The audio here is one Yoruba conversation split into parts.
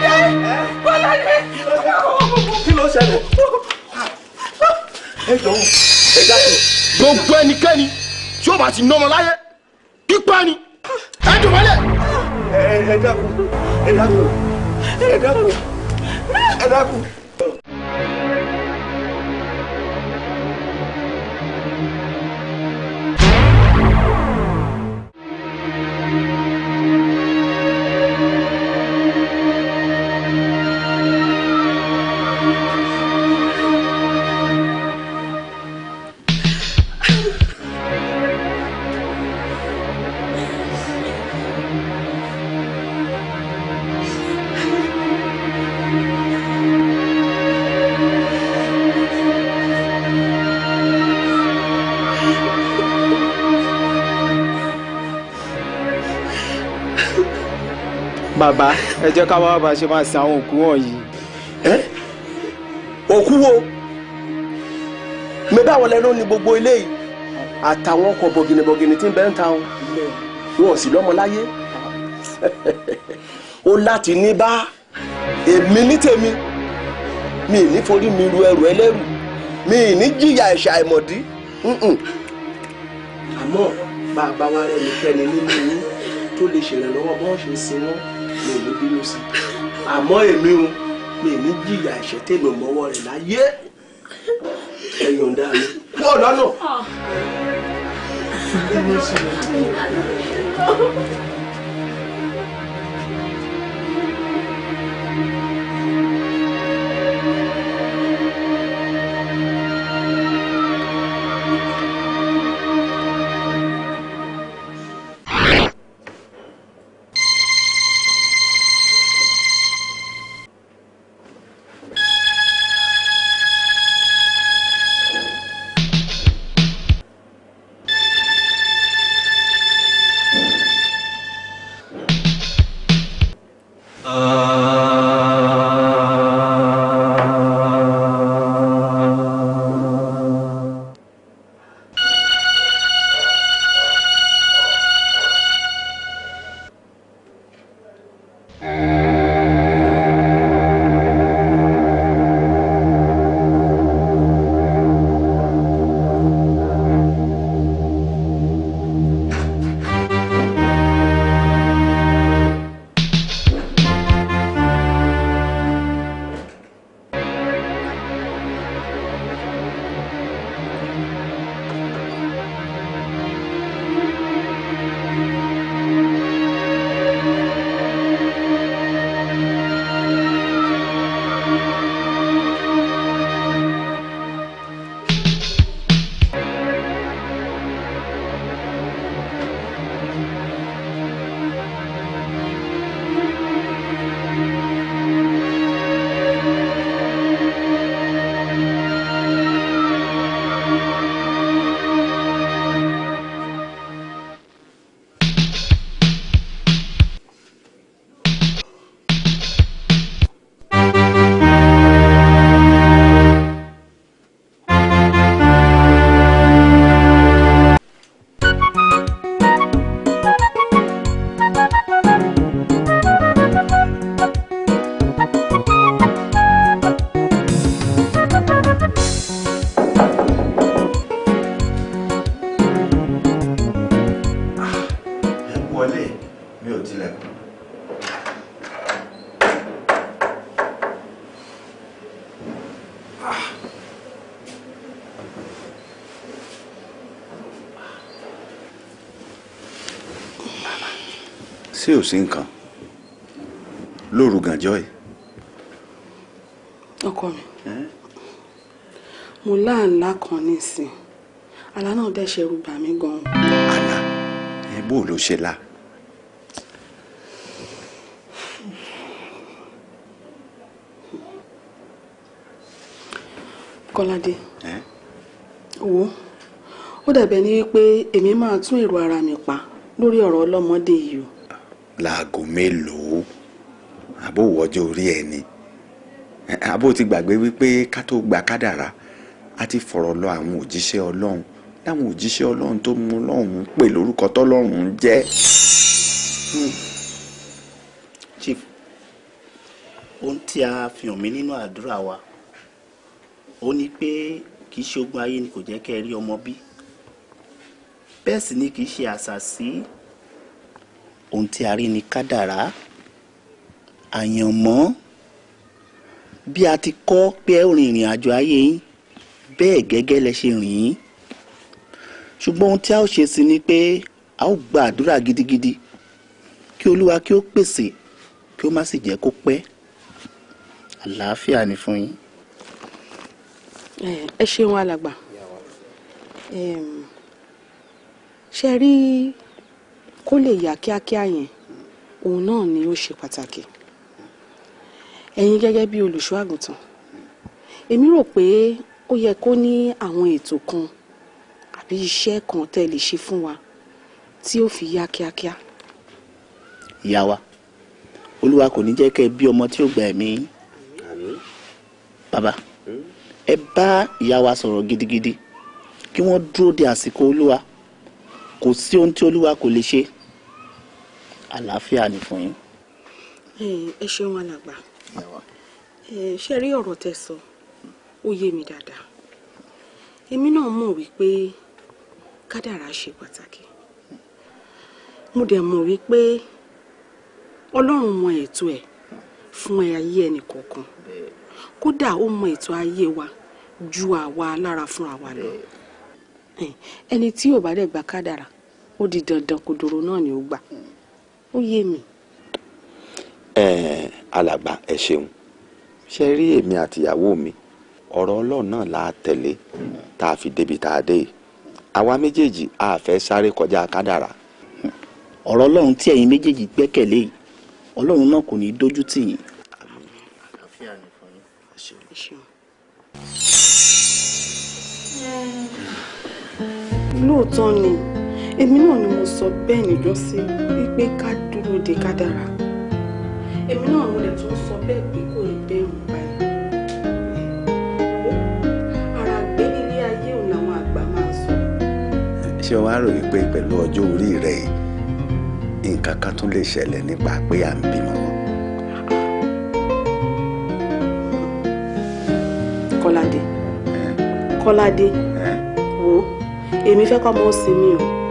Bọ́lájí! Bọ́lájí! Kí ló ṣẹlẹ̀? Ẹ jọ̀wọ́, ẹ dákun. Gbogbo ẹnikẹ́ni tí ó bá ti nọ́mọ láyé, pípa ni. Ẹ dùnmọ́lẹ̀. Ẹ dákun, ẹ dákun, ẹ dákun, ẹ dákun. bàbá ẹ jẹ́ ká wá bá ṣe máa sin àwọn òkú wọ̀nyí. òkú wo mi báwo lẹnu ni gbogbo ilé yìí àtàwọn ọkọ̀ bọ̀gìnìbọ̀gìnì tí ń bẹ ń ta wọn wọn ò sì lọ́mọ láyé ó láti ní bá èmi ní tèmi mi ì ní forí mi ru ẹrù ẹlẹ́rù mi ì ní jìyà ẹ̀ṣẹ̀ àìmọ̀dí àmọ́ bàbá wa rẹ̀ nìkẹ́ni nínú yín tó lè ṣèrànlọ́wọ́ bọ́ọ̀ṣù sí wọn mi ní bínú sí àmọ́ èmi o mi ní jìyà ẹ̀ṣẹ̀ tèmi mọ́wọ́ rẹ̀ láyé ẹ yọ̀ǹda mi wọ́ọ̀ lọ́nà. Ah. sí ò sí nǹkan lóru gànjọ́ ẹ̀. ọkọ mi mo láàlá kan nísìn àlá náà dẹ̀ ṣẹ̀rù bà mí gan àlá ẹ bó ló ṣe la. kọ́ládé wo ó dàbẹ̀ ní wípé èmi máa tún èrò ara mi pa lórí ọ̀rọ̀ ọlọ́mọdé yìí o láago mélòó àbó wọ́jọ́ orí ẹ̀ ni àbó ti gbàgbé wípé ká tó gba kádàrá a ti fọ̀rọ̀ lọ àwọn òjíṣẹ́ ọlọ́run láwọn òjíṣẹ́ ọlọ́run tó mú ọlọ́run pè lórúkọ tọ́lọ́run ń hmm. chief ohun tí a fi hàn mí nínú àdúrà wa ó ní pé kì í ṣe ogun ayé ni kò jẹ́ kẹ́ ẹ rí ọmọ bí bẹ́ẹ̀ sì ni kì í ṣe àṣàsí. Si ohun tí a rí ni kádàrá àyànmọ́ bí a ti kọ́ pé ẹ ìrìn àjò ayé yín bẹ́ẹ̀ gẹ́gẹ́ lẹ ṣe rìn yín ṣùgbọ́n ohun tí a ó ṣe sí ni pé a ó gba àdúrà gidigidi kí olúwa kí ó pèsè kí ó má sì jẹ́ kó pẹ́ àlàáfíà ni fún yín. ẹ ṣeun alàgbà ṣe rí kó lè yá kíákíá yẹn òun náà ni ó ṣe pàtàkì ẹ̀yin gẹ́gẹ́ bí olùṣọ́ àgùntàn èmi rò pé ó yẹ kó ní àwọn ètò kan àbí iṣẹ́ kan tẹ́ lè ṣe fún wa tí ó fi yá kíákíá. ìyá wa olúwa kò ní jẹ́ kẹ́ ẹ bí ọmọ tí ó gba ẹ̀mí bàbá hmm? ẹ bá ìyá wa sọ̀rọ̀ gidigidi kí wọ́n dúró de àsìkò olúwa kò sí ohun tí olúwa kò lè ṣe àlàáfíà ni fún yín. ẹ ṣeun alàgbà ṣe rí ọ̀rọ̀ tẹ́ sọ ó yé mi dáadáa èmi náà mọ̀ wípé kádàrá ṣe pàtàkì mo dẹ̀ mọ̀ wípé ọlọ́run mọ ètò ẹ̀ fún ayé ẹnì kọ̀ọ̀kan kódà ó mọ ètò ayé wa ju àwa lára fúnra wa lọ ẹni tí yóò bá dẹ̀ gba kádàrà ó di dandan kodoro náà ni ó gbà ó yé mi. alàgbà ẹ ṣeun ṣe rí èmi àtìyàwó mi ọ̀rọ̀ ọlọ́run náà la tẹ̀lé tá a fi débi tá a dé yìí àwa méjèèjì a fẹ́ sáré kọjá kádàrà. ọ̀rọ̀ ọlọ́run tí ẹ̀yin méjèèjì gbẹ́kẹ̀lé ọlọ́run náà kò ní í dójú tì yín. àmín àlàáfíà lóòótọ́ ni èmi náà ni mo sọ bẹ́ẹ̀ níjọ́ sí wípé ká dúró de kádàrà èmi náà mo lè tún sọ bẹ́ẹ̀ pé kò rí bẹ́ẹ̀ mú báyìí. ara gbé nílé ayé òun làwọn àgbà máa sọ. ṣé wàá rò wípé pẹ̀lú ọjọ́ orí rẹ̀ nǹkan kan tún lè ṣẹlẹ̀ nípa pé à ń bímọ. Kọ́ládé Kọ́ládé èmi fẹ́ kọ́ ọmọ ó sinmi o.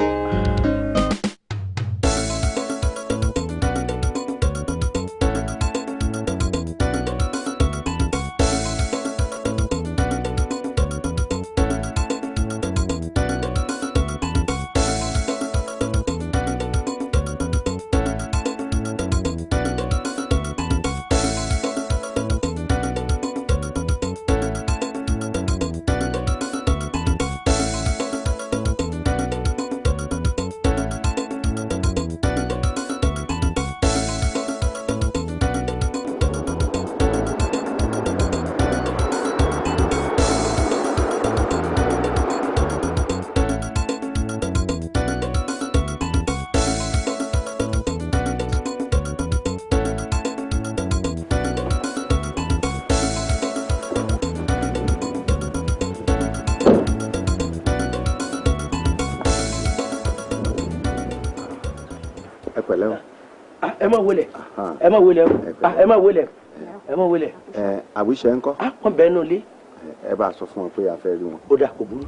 má wọlé ẹ má wọlé ẹ má wọlé ah, ẹ má wọlé. ẹ àwíṣẹ ńkọ́. a kàn bẹ́ẹ̀ nù lé. ẹ bá a sọ fún wọn pé a fẹ́ rí wọn. ó dà kò burú.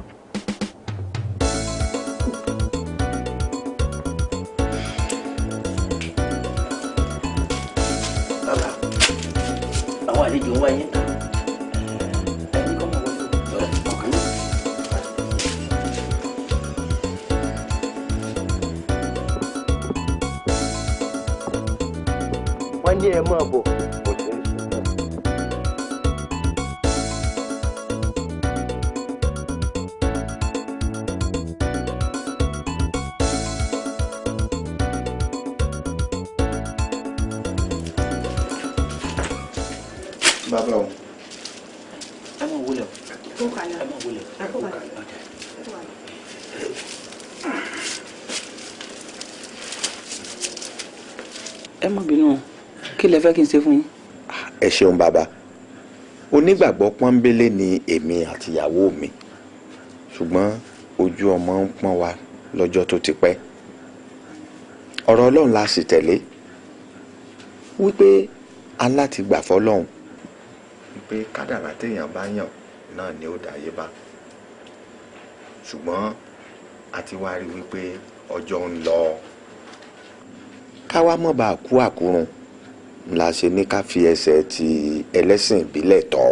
àwọn àlejò wáyé vamos. kí lẹ fẹ́ kí n ṣe fún yín. ẹ ṣeun bàbá onígbàgbọ́ pọ́nbélé ni èmi àtìyàwó mi ṣùgbọ́n ojú ọmọ ń pọ́n wa lọ́jọ́ tó ti pẹ́ ọ̀rọ̀ ọlọ́run la sì tẹ̀lé wípé aláti gbà fọlọ́run pé kádàrá téèyàn bá yàn náà ni ó dàyé bá ṣùgbọ́n a ti wá rí wípé ọjọ́ ń lọ ká wá mọ̀ bá kú àkúrun la ṣe ní ká fi ẹsẹ̀ ti ẹlẹ́sìn ìbílẹ̀ tọ́.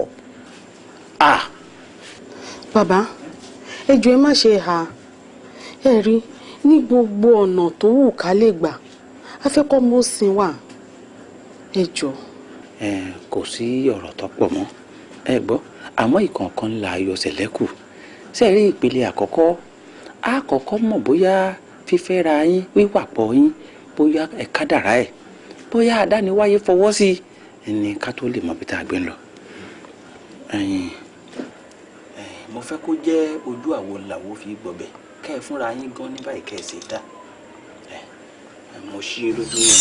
bàbá ẹjọ ẹ má ṣe hà ẹ rí ní gbogbo ọ̀nà tó wù ká lè gbà a fẹ́ kọ́ mọ́ sin wa ẹ jọ. kò sí ọ̀rọ̀ tó pọ̀ mọ́ ẹ gbọ́ àmọ́ ìkọ̀ọ̀kan ńlá ayọ̀ ṣẹlẹ́kù sẹ́ẹ̀rí ìpele àkọ́kọ́ àkọ́kọ́ mọ̀ bóyá fífẹ́ra yín wíwàpọ̀ yín bóyá ẹ̀ka dàrá ẹ̀ bóyá àdániwáyé fọwọ́ sí i ni ká tó lè mọ bí a gbé ń lọ. mo fẹ́ kó jẹ́ ojú àwo làwo fi gbọ̀bẹ̀ kẹ́ ẹ fúnra yín gan ní báyìí kẹ́ ẹ ṣe dá mo ṣí lójú yẹn.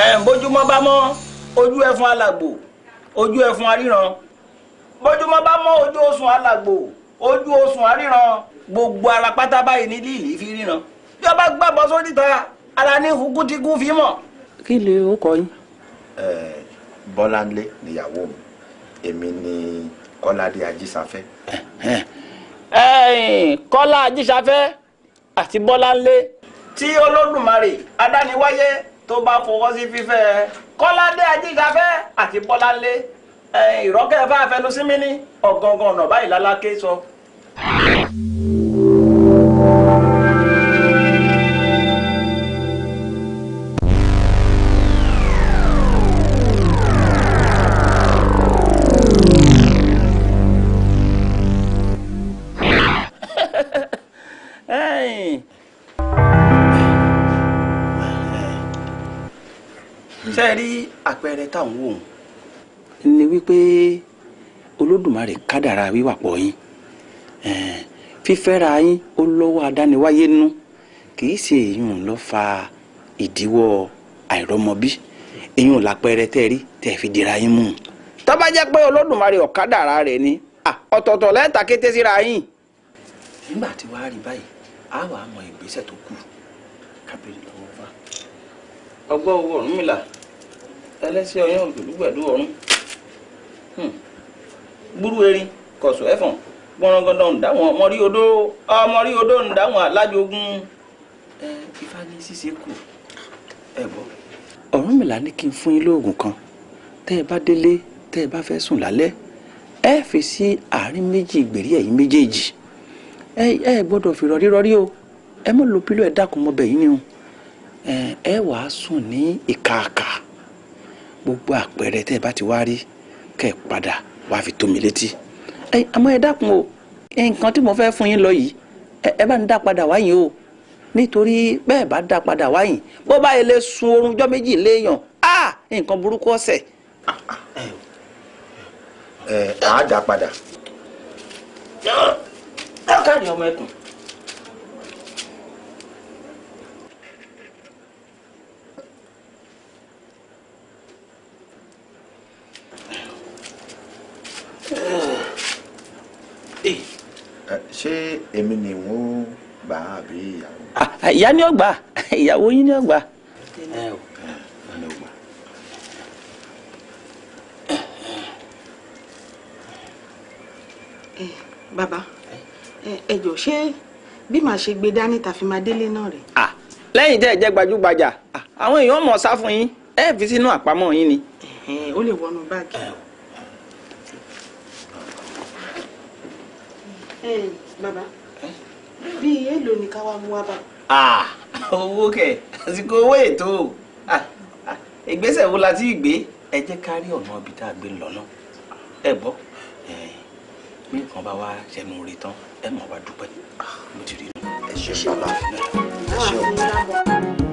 ẹ bójúmọ́ bá mọ́ ojú ẹfun alàgbò ojú ẹfun aríran bójúmọ́ bá mọ́ ojú oṣùn alàgbò ojú oṣùn aríran gbogbo ara pátá báyìí ní líìlì fi ríran bí ọba gbàgbọ́ sódìta ara ní gúdígún fi mọ̀. kí ni ó kọ yín. bọ́láńlé níyàwó mi èmi ni kọ́ládé ajísáfẹ́. kọ́lá ajísáfẹ́ àti bọ́láńlé. tí olódùmarè adániwáyé tó bá fọwọ́ sí fífẹ́ kọ́ládé ajísáfẹ́ àti bọ́láńlé ìrọ́kẹ́ fáfẹnusí mi ní ọ̀gángan ọ̀nà báyìí lálákè sọ. So. tá à ń wò ó ni wípé olódùmarè kádàrá wíwà pọ̀ yín fífẹ́ra yín ó lọ́wọ́ adániwáyé nú kì í ṣe èyún ló fa ìdíwọ́ àìrọ́mọbí èyún làpẹẹrẹ tẹ́ rí tẹ́ fi dira yín mú un tó bá jẹ́ pé olódùmarè ọ̀kadàrá rẹ̀ ni ọ̀tọ̀ọ̀tọ̀ lẹ́ẹ̀ta kété síra yín. nígbà tí wàá rí báyìí a wàá mọ ìgbésẹ̀ tó kù kábíyèsí lọ́wọ́ fa. ọgbọ́n owó ọ̀rùn mi là ẹlẹ́sẹ̀ ọyàn òjòlúgbẹ̀dú ọ̀run hmm. gbúrú erin kọ̀sọ̀ ẹ̀fọ̀n gbọ́nrangandan ǹdáwọn ọmọrí odó ọmọrí odó ǹdáwọn alájogun ẹ ifá ní ṣíṣe kù ẹ gbọ́. Ọ̀rúnmìlà ní kí n fún yín lóògùn kan tẹ́ ẹ bá délé tẹ́ ẹ bá fẹ́ sùn lálẹ́ ẹ fi sí àárín méjì ìgbèrí ẹ̀yìn méjèèjì ẹ ẹ gbọ́dọ̀ fi rọrí rọrí o ẹ mọ̀ lo pílò ẹ dákun mọ́ bẹ̀yìn ni o ẹ wàá sùn ní ìkàkà. E, gbogbo àpẹẹrẹ tẹ́ ẹ bá ti wá rí kẹ́ ẹ padà wá fi tó mi létí. ẹ àmọ́ ẹ dákun o nǹkan tí mo fẹ́ fún yín lọ yìí ẹ bá ń dá padà wáyìn o nítorí bẹ́ẹ̀ bá dá padà wáyìn bó bá ilé sun oorun jọ́ méjì léèyàn á nǹkan burúkú ọ̀sẹ̀. ẹ á dá padà. káàdì ọmọ ẹkùn. ṣé èmi ni wọ́n gbà á àbí ìyàwó. Ah, ah, ìyá ni ó gbà ìyàwó yín ni ó gbà. bàbá ẹ jọ̀ọ́ ṣé bí màá ṣe gbé dání tàfi máa délé náà rè. Ah, lẹ́yìn tẹ́ ẹ jẹ́ gbajúgbajà àwọn èèyàn mọ̀ sá fún yín ẹ fi sínú àpamọ́ yín ni. Eh, eh, ó lè wọnú báàgì. Eh, bàbá bíi èèlò ni ká wá mú wá bá. owó kẹ àsìkò owó ètò ìgbésẹ̀ wo la ti gbé ẹ jẹ́ ká rí ọ̀nà ibi tá a gbé lọ́nà ẹ gbọ́ bí nǹkan bá wá ṣẹnu rí tán ẹ mọ̀ wá dúpẹ́ mo ti rí i. ẹ ṣe bàbá ẹ ṣe ọ̀gá.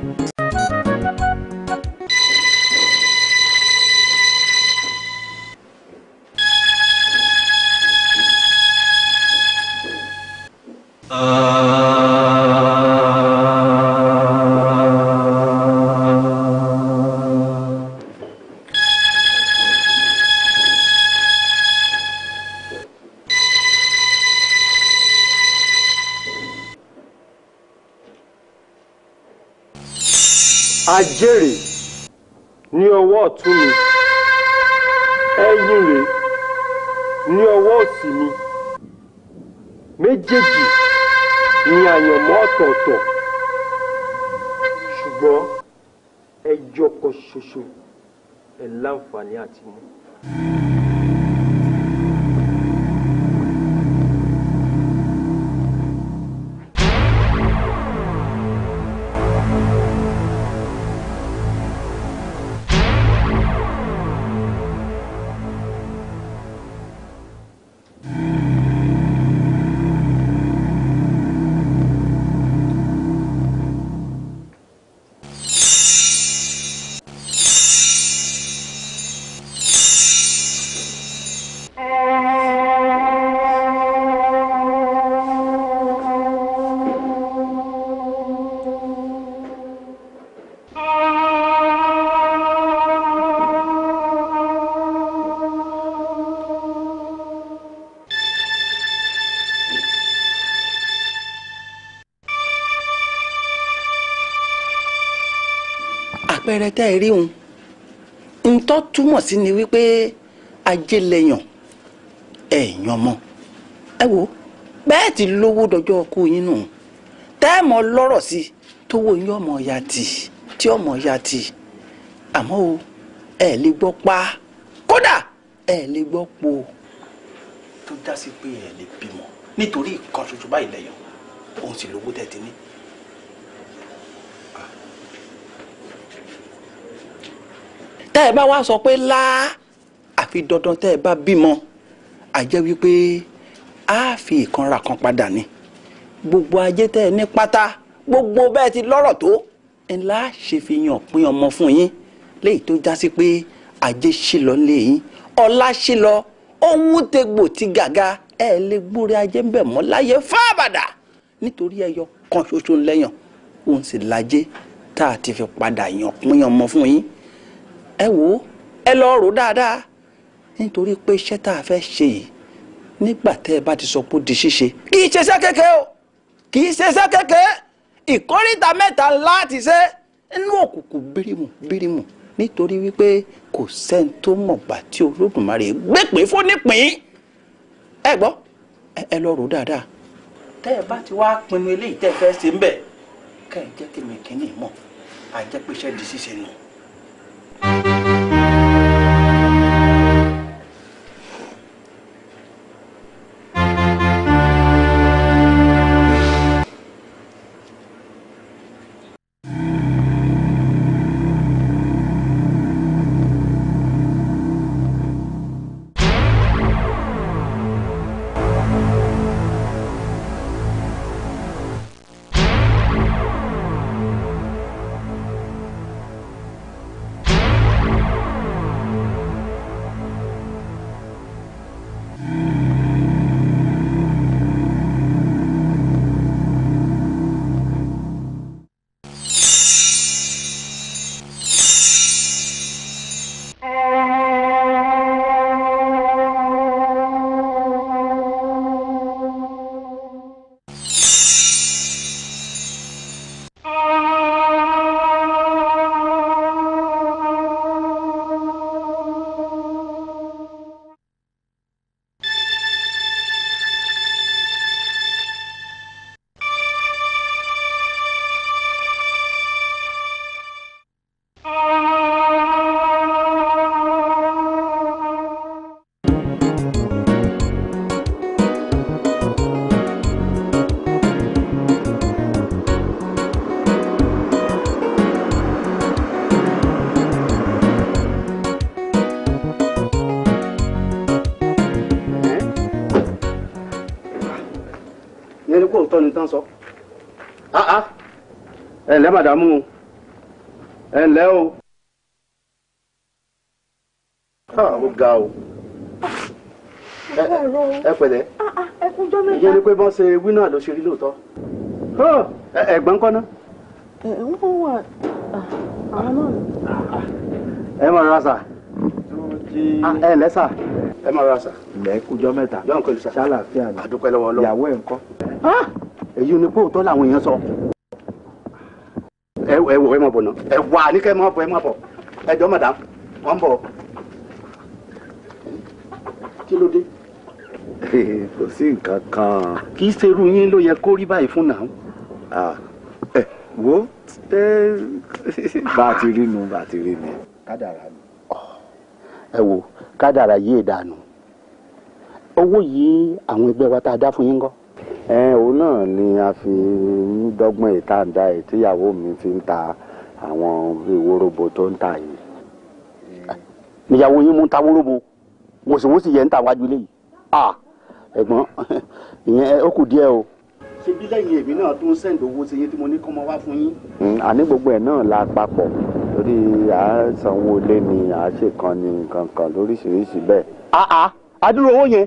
àpẹẹrẹ tẹ́ ẹ rí òun ntọ́ túmọ̀ sí ni wípé ajé lẹ́yàn ẹ̀yàn mọ́ ẹ wo bẹ́ẹ̀ ti lówó dọjọ́ ọkọ yín nù tẹ́ẹ̀mọ lọ́rọ̀ sí tówó yín ọmọ ya tì tí ọmọ ya tì àmọ́ o ẹ lè gbọ́ pa kódà ẹ lè gbọ́ po tó dá sí pé ẹ lè bímọ nítorí ìkan ṣoṣo báyìí lẹ́yàn òun sì lówó tẹ̀ ti ní tẹ́ ẹ bá wá sọ pé lá àfi dandan tẹ́ ẹ bá bímọ àjẹ́ wípé a fi ìkanra kan padà ni gbogbo ajé tẹ́ ẹ ní pátá gbogbo bẹ́ẹ̀ ti lọ́rọ̀ tó ńlá ṣe fi yàn pín ọmọ fún yín léyìí tó já sí pé ajé ṣì lọ ọlá ṣì lọ ohun tegbò ti gàga ẹ lè gbórí ajé ń bẹ̀ mọ́ láyé fábàdà nítorí ẹyọ kan ṣoṣo lẹ́yàn òun sì lájé tá a ti fi padà yàn pín ọmọ fún yín ẹ wò ó ẹ lọ rò dáadáa nítorí pé iṣẹ́ tá a fẹ́ ti sọ di ṣíṣe kì í ṣe iṣẹ́ kékeré o kì í ṣe iṣẹ́ kékeré ìkórìtà mẹ́ta láti ṣe inú òkùnkùn bírímù bírímù nítorí wípé kò sẹ́ni tó tí olódùmarè fún nípìn ẹ gbọ́ ẹ lọ rò dáadáa tẹ́ ẹ bá ti wá pinnu eléyìí tẹ́ ẹ di ṣíṣe nù. tán sọ. Ah, ah. ẹ ǹlẹ́ màdàmú o ẹ ǹlẹ́ o. Ah, ó ga o ẹ pẹ̀lẹ́ ìyẹn ni pé bọ́n ṣe wí náà ló ṣe rí lóòótọ́ ẹ̀gbọ́n kọ́ ná. wọ́n wà àwọn náà. ẹ máa ra sà ẹ lẹ́ sà ẹ máa ra sà. ilẹ̀ kújọ́ mẹ́ta ṣáláfíà ni ìyàwó ẹ̀ ń kọ́ èyí ni pòótọ́ làwọn èèyàn sọ ẹ wọ ẹ mọ bọ náà ẹ wà ní kẹ́ ẹ mọ bọ ẹ mọ bọ ẹ jọ madam wọn bọ kí ló dé. kò sí nǹkan kan. kì í ṣerú yín ló yẹ kó rí báyìí fún náà. ẹ wo bá a ti rí nu bá a ti rí nu. kádàrá ni. ẹ wo kádàrá yìí dànù owó yìí àwọn ẹgbẹ́ wa tá a dá fún yín kọ́ òun náà ni a fi ń dọ́gbọ́n ìtàǹdà ẹ̀ tíyàwó mi fi ń ta àwọn ìwórobo tó ń tà yìí. níyàwó yín mú ta wórobo wòsíwòsí yẹn ń ta wájú lé yìí ẹ̀gbọ́n ìyẹn ó kù díẹ̀ o. ṣé bí lẹ́yìn èmi náà tó ń sẹ́ǹdì owó ṣe yé tí mo ní kọ́mọ wá fún yín. àní hmm, gbogbo ẹ̀ náà la papọ̀ torí à ń sanwó lé ni à ń ṣèkan ni nǹkan kan lóríṣiríṣi bẹ́ẹ̀. àdúró owó yẹn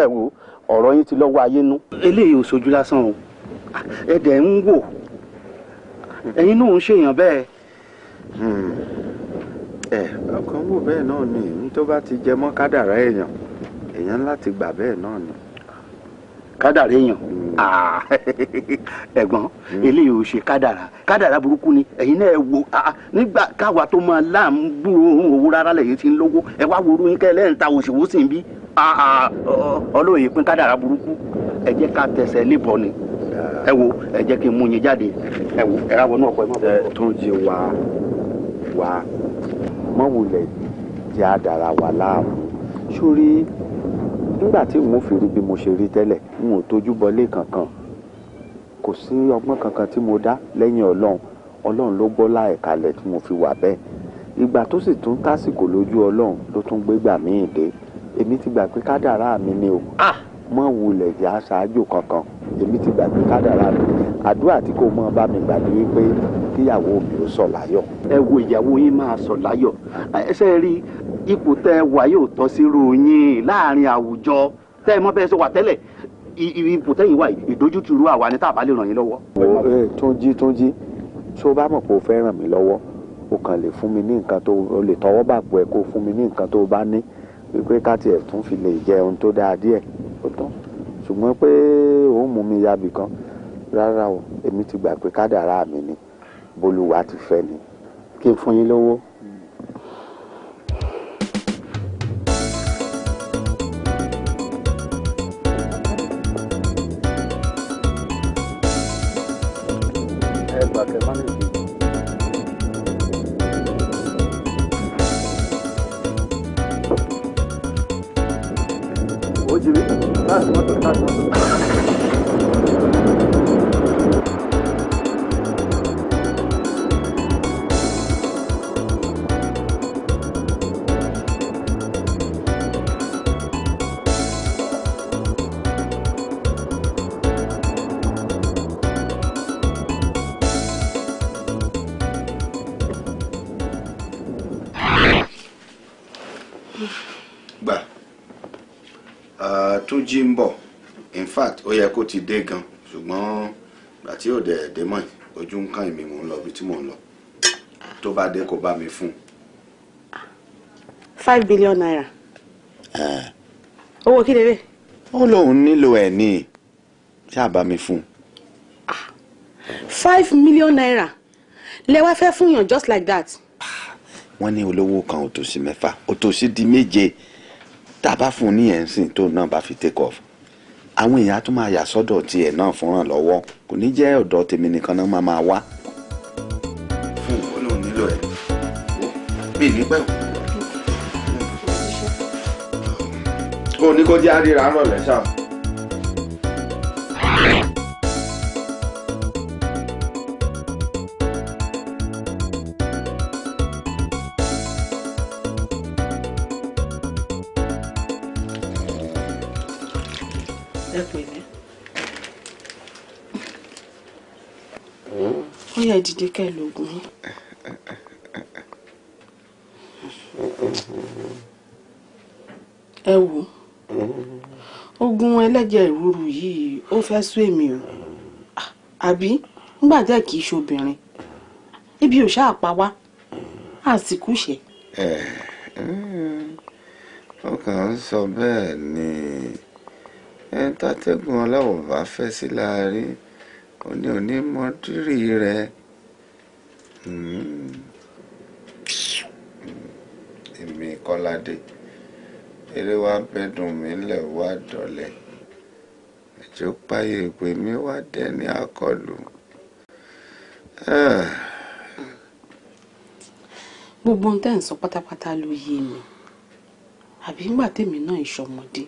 ẹ wò ọ̀rọ̀ yín ti lọ́wọ́ ayé nú. eléyìí ò sojú lásán o ẹ̀dẹ̀ ń wò ẹ̀yin náà ń ṣèyàn bẹ́ẹ̀. ẹ hmm. eh, ọkàn wò bẹ́ẹ̀ náà ni tó bá ti jẹ mọ́ kádàrá èèyàn èèyàn láti gbà bẹ́ẹ̀ náà ni kádàrá èèyàn hmm. ah, ẹ̀gbọ́n hmm. eléyìí ò ṣe kádàrá kádàrá burúkú ni ẹ̀yin náà ẹ wo ah, ah, nígbà káwa tó máa láàmú òun òwú rárá lẹ́yìn tí ń lówó ẹ wá wo orúyìn kẹ́lẹ́ ń ta òṣèwọ́sì ń bí ọlọ́yìn pín kádàrá burúkú ẹ jẹ́ ká tẹsẹ̀ lébọ̀ ni ẹ wo ẹ jẹ́ kí n mú yín jáde ẹ wo ẹ ráwọ náà pẹ́ mọ́. ẹ tó ń jẹ wá wá mọ́wulẹ̀ jẹ́ àdàrà wà láàmú sórí nígbà tí mo fi rí bí mo ṣe rí tẹ́lẹ̀ n ò tójú bọlé kankan kò sí ọgbọ́n kankan tí mo dá lẹ́yìn ọlọ́run ọlọ́run ló gbọ́ láìkalẹ̀ tí mo fi wà bẹ́ẹ̀ ìgbà tó sì tún tásìkò lójú ọlọ́run ló tún gbégbà míì dé èmi ti gbà pé kádàrá mi ni o mọ̀ wulẹ̀ yà ṣáájú kankan èmi ti gbàgbé kádàrá mi àdúrà tí kò mọ bá mi gbàgbé wípé kíyàwó mi ò sọ láyọ̀. ẹ wo ìyàwó yín máa sọ láyọ̀ ẹsẹ rí ipò tẹ wà yóò tọ́ sí ròyìn láàrin àwùjọ tẹ ẹ mọ bẹ́ẹ̀ sọ wà tẹ́lẹ̀ ipò tẹ̀yìn wà ìdójútùrú àwa ni tá a bá lè ràn yín lọ́wọ́. túnjí túnjí tó bá mọ̀ pé o fẹ́ ràn mí lọ́wọ́ o kàn lè fún mi ní nǹkan tó o lè tọwọ́ bàpọ̀ ẹ̀ kó o fún mi ní nǹkan tó o bá ní wípé ká tiẹ̀ tún fi lè jẹun tó dáa díẹ̀ ó tán ṣùgbọ́n pé òun mú mi yabì kan rárá o èmi ti gbà pé kádàrá mi ni bólúwa ti fẹ́ ni kí n fún yín lówó Tá bom. kó ti dé gan ṣùgbọ́n ìgbà tí òde ẹ̀dẹ́ mọ̀ ojú ń kàn mí mò ń lọ ibi tí mò ń lọ tó bá dé kó bá mi fún un. five billion naira. Eh. owó kí lélẹ̀. ó lóun nílò ẹ̀ ní ṣáà bá mi fún un. Ah, five million naira lẹ wá fẹ́ fún yàn just like that. wọ́n ní olówó kan òtòṣì mẹ́fà òtòṣì di méje tá a bá fún un níyẹn sìn tó náà bá fi take off àwọn èèyàn á tún máa yà sọ́dọ̀ tiẹ̀ náà fúnràn lọ́wọ́ kò ní jẹ́ ọ̀dọ̀ tèmi nìkan náà máa máa wá. fún olóhùn nílò ẹ mi ní pẹ́ o ní kó jẹ́ àríra rọ̀ lẹ́sà. ẹ dìde kẹ́ ẹ lògùn yín. ẹ wò ogun ẹlẹ́jẹ̀ ìrúru yìí ó fẹ́ sún èmi o àbí nígbà tẹ́ kì í ṣobìnrin ibi ò ṣáà pa wá àsìkò ṣe. ó kàn ń sọ bẹ́ẹ̀ ni ẹ tàtẹ́gùn ọlọ́wọ́ bá fẹ́ sí láàrin òní òní mọ́tírì rẹ̀ èmi kọ́ládé eré wa bẹ́dùn mí lẹ̀ wá dọ̀lẹ́ ẹ̀jọ́ páyé ìpè mi wá dẹ́ni àkọlù. Ah. gbogbo ohun tẹ́ ń sọ pátápátá ló yé mi àbí ńgbà tèmi náà ìṣọmọdé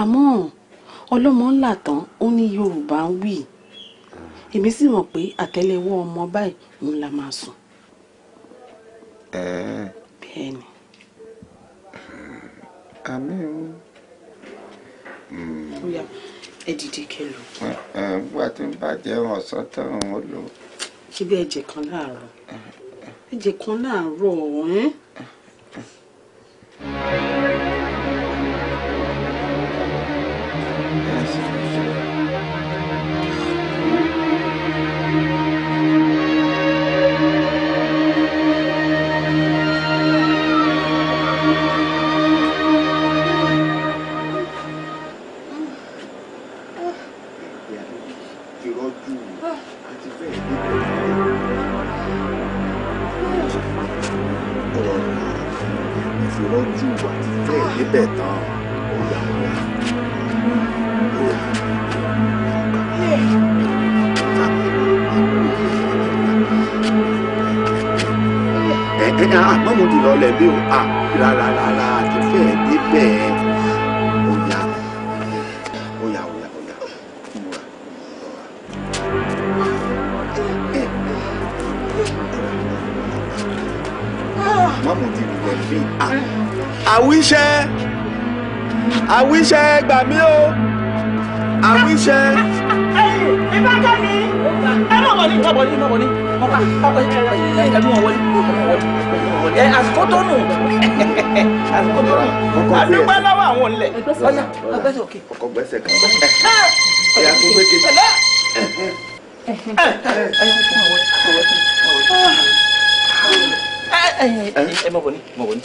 àmọ́ ọlọ́mọ ńlá tán ó ní yorùbá ń wí èmi sì mọ̀ pé àtẹ́lẹwọ́ ọmọ báyìí òun la máa sùn. bẹ́ẹ̀ ni. àmì o. ó yá ẹ dìde kẹ lò. nígbà tí n bá jẹun ọ̀sán tán ò lò. ṣé bí ẹ̀jẹ̀ kan láàárọ̀ ẹ̀jẹ̀ kan láàárọ̀ ọ̀hún. àwíṣẹ́ gbà mí o àwíṣẹ́. ẹ̀yin ìbá jẹ́ mi ẹ má wọlé má wọlé má wọlé ẹ mú wọlé ẹ àsìkò tó nù àsìkò tó nù àdúgbò lọ́wọ́ àwọn olè ọ̀yà ọgbẹ́sẹ̀ òkè. ọkọ gbẹ́sẹ̀ kan ẹ yà tó gbé kejì. ẹ ẹ ẹ ẹ mọ̀ bọ̀ ni mọ̀ bọ̀ ni.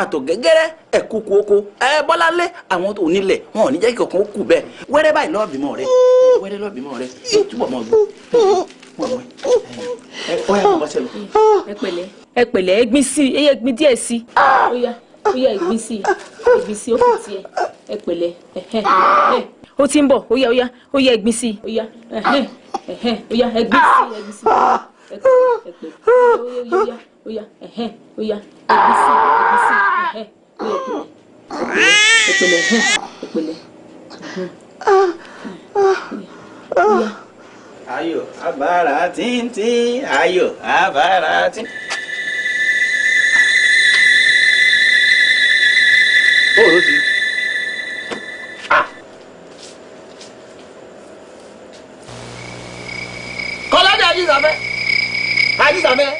àtọ̀gẹ́gẹ́rẹ́ ẹ̀kúkú oko ẹ bọ́láńlé àwọn onílẹ̀ wọn ò ní jẹ́ kí ọkàn ó kù bẹ́ẹ̀ wẹ́rẹ́ báyìí lọ́ọ̀bìmọ̀ rẹ wẹ́rẹ́ lọ́ọ̀bìmọ̀ rẹ túbọ̀ mọ́ gbọ́ ẹ pẹ̀lẹ́ ẹ pẹ̀lẹ́ ẹgbin sí ẹyẹ ẹgbin díẹ̀ sí ó yá ó yá ẹgbin sí ẹgbin sí ó kù tiẹ̀ ẹ pẹ̀lẹ́ ó ti ń bọ̀ ó yá ó yá ó yá ẹgbin sí ó yá ó yá ẹgbin sí ẹgbin sí ẹ pẹ̀lẹ́ ó yá ó yá ó yá ẹ̀hẹ́n ó yá ẹ̀gbísì ẹ̀gbísì ẹ̀hẹ́n ó yẹ abara tìǹtì ayọ̀ abara tìǹtì. bóòlù ti. Ah. kọ́ládé ajísàfẹ́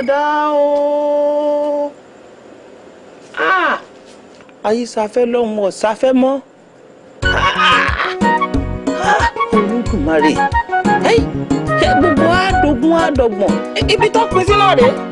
dáadáa o ah! ayé safẹ́ lọ́hùn ọ̀sáfẹ́ mọ́ olùdùmarè gbogbo àdógún àdọ́gbọ̀n ibi tó pin sí lọ́rẹ̀ẹ́.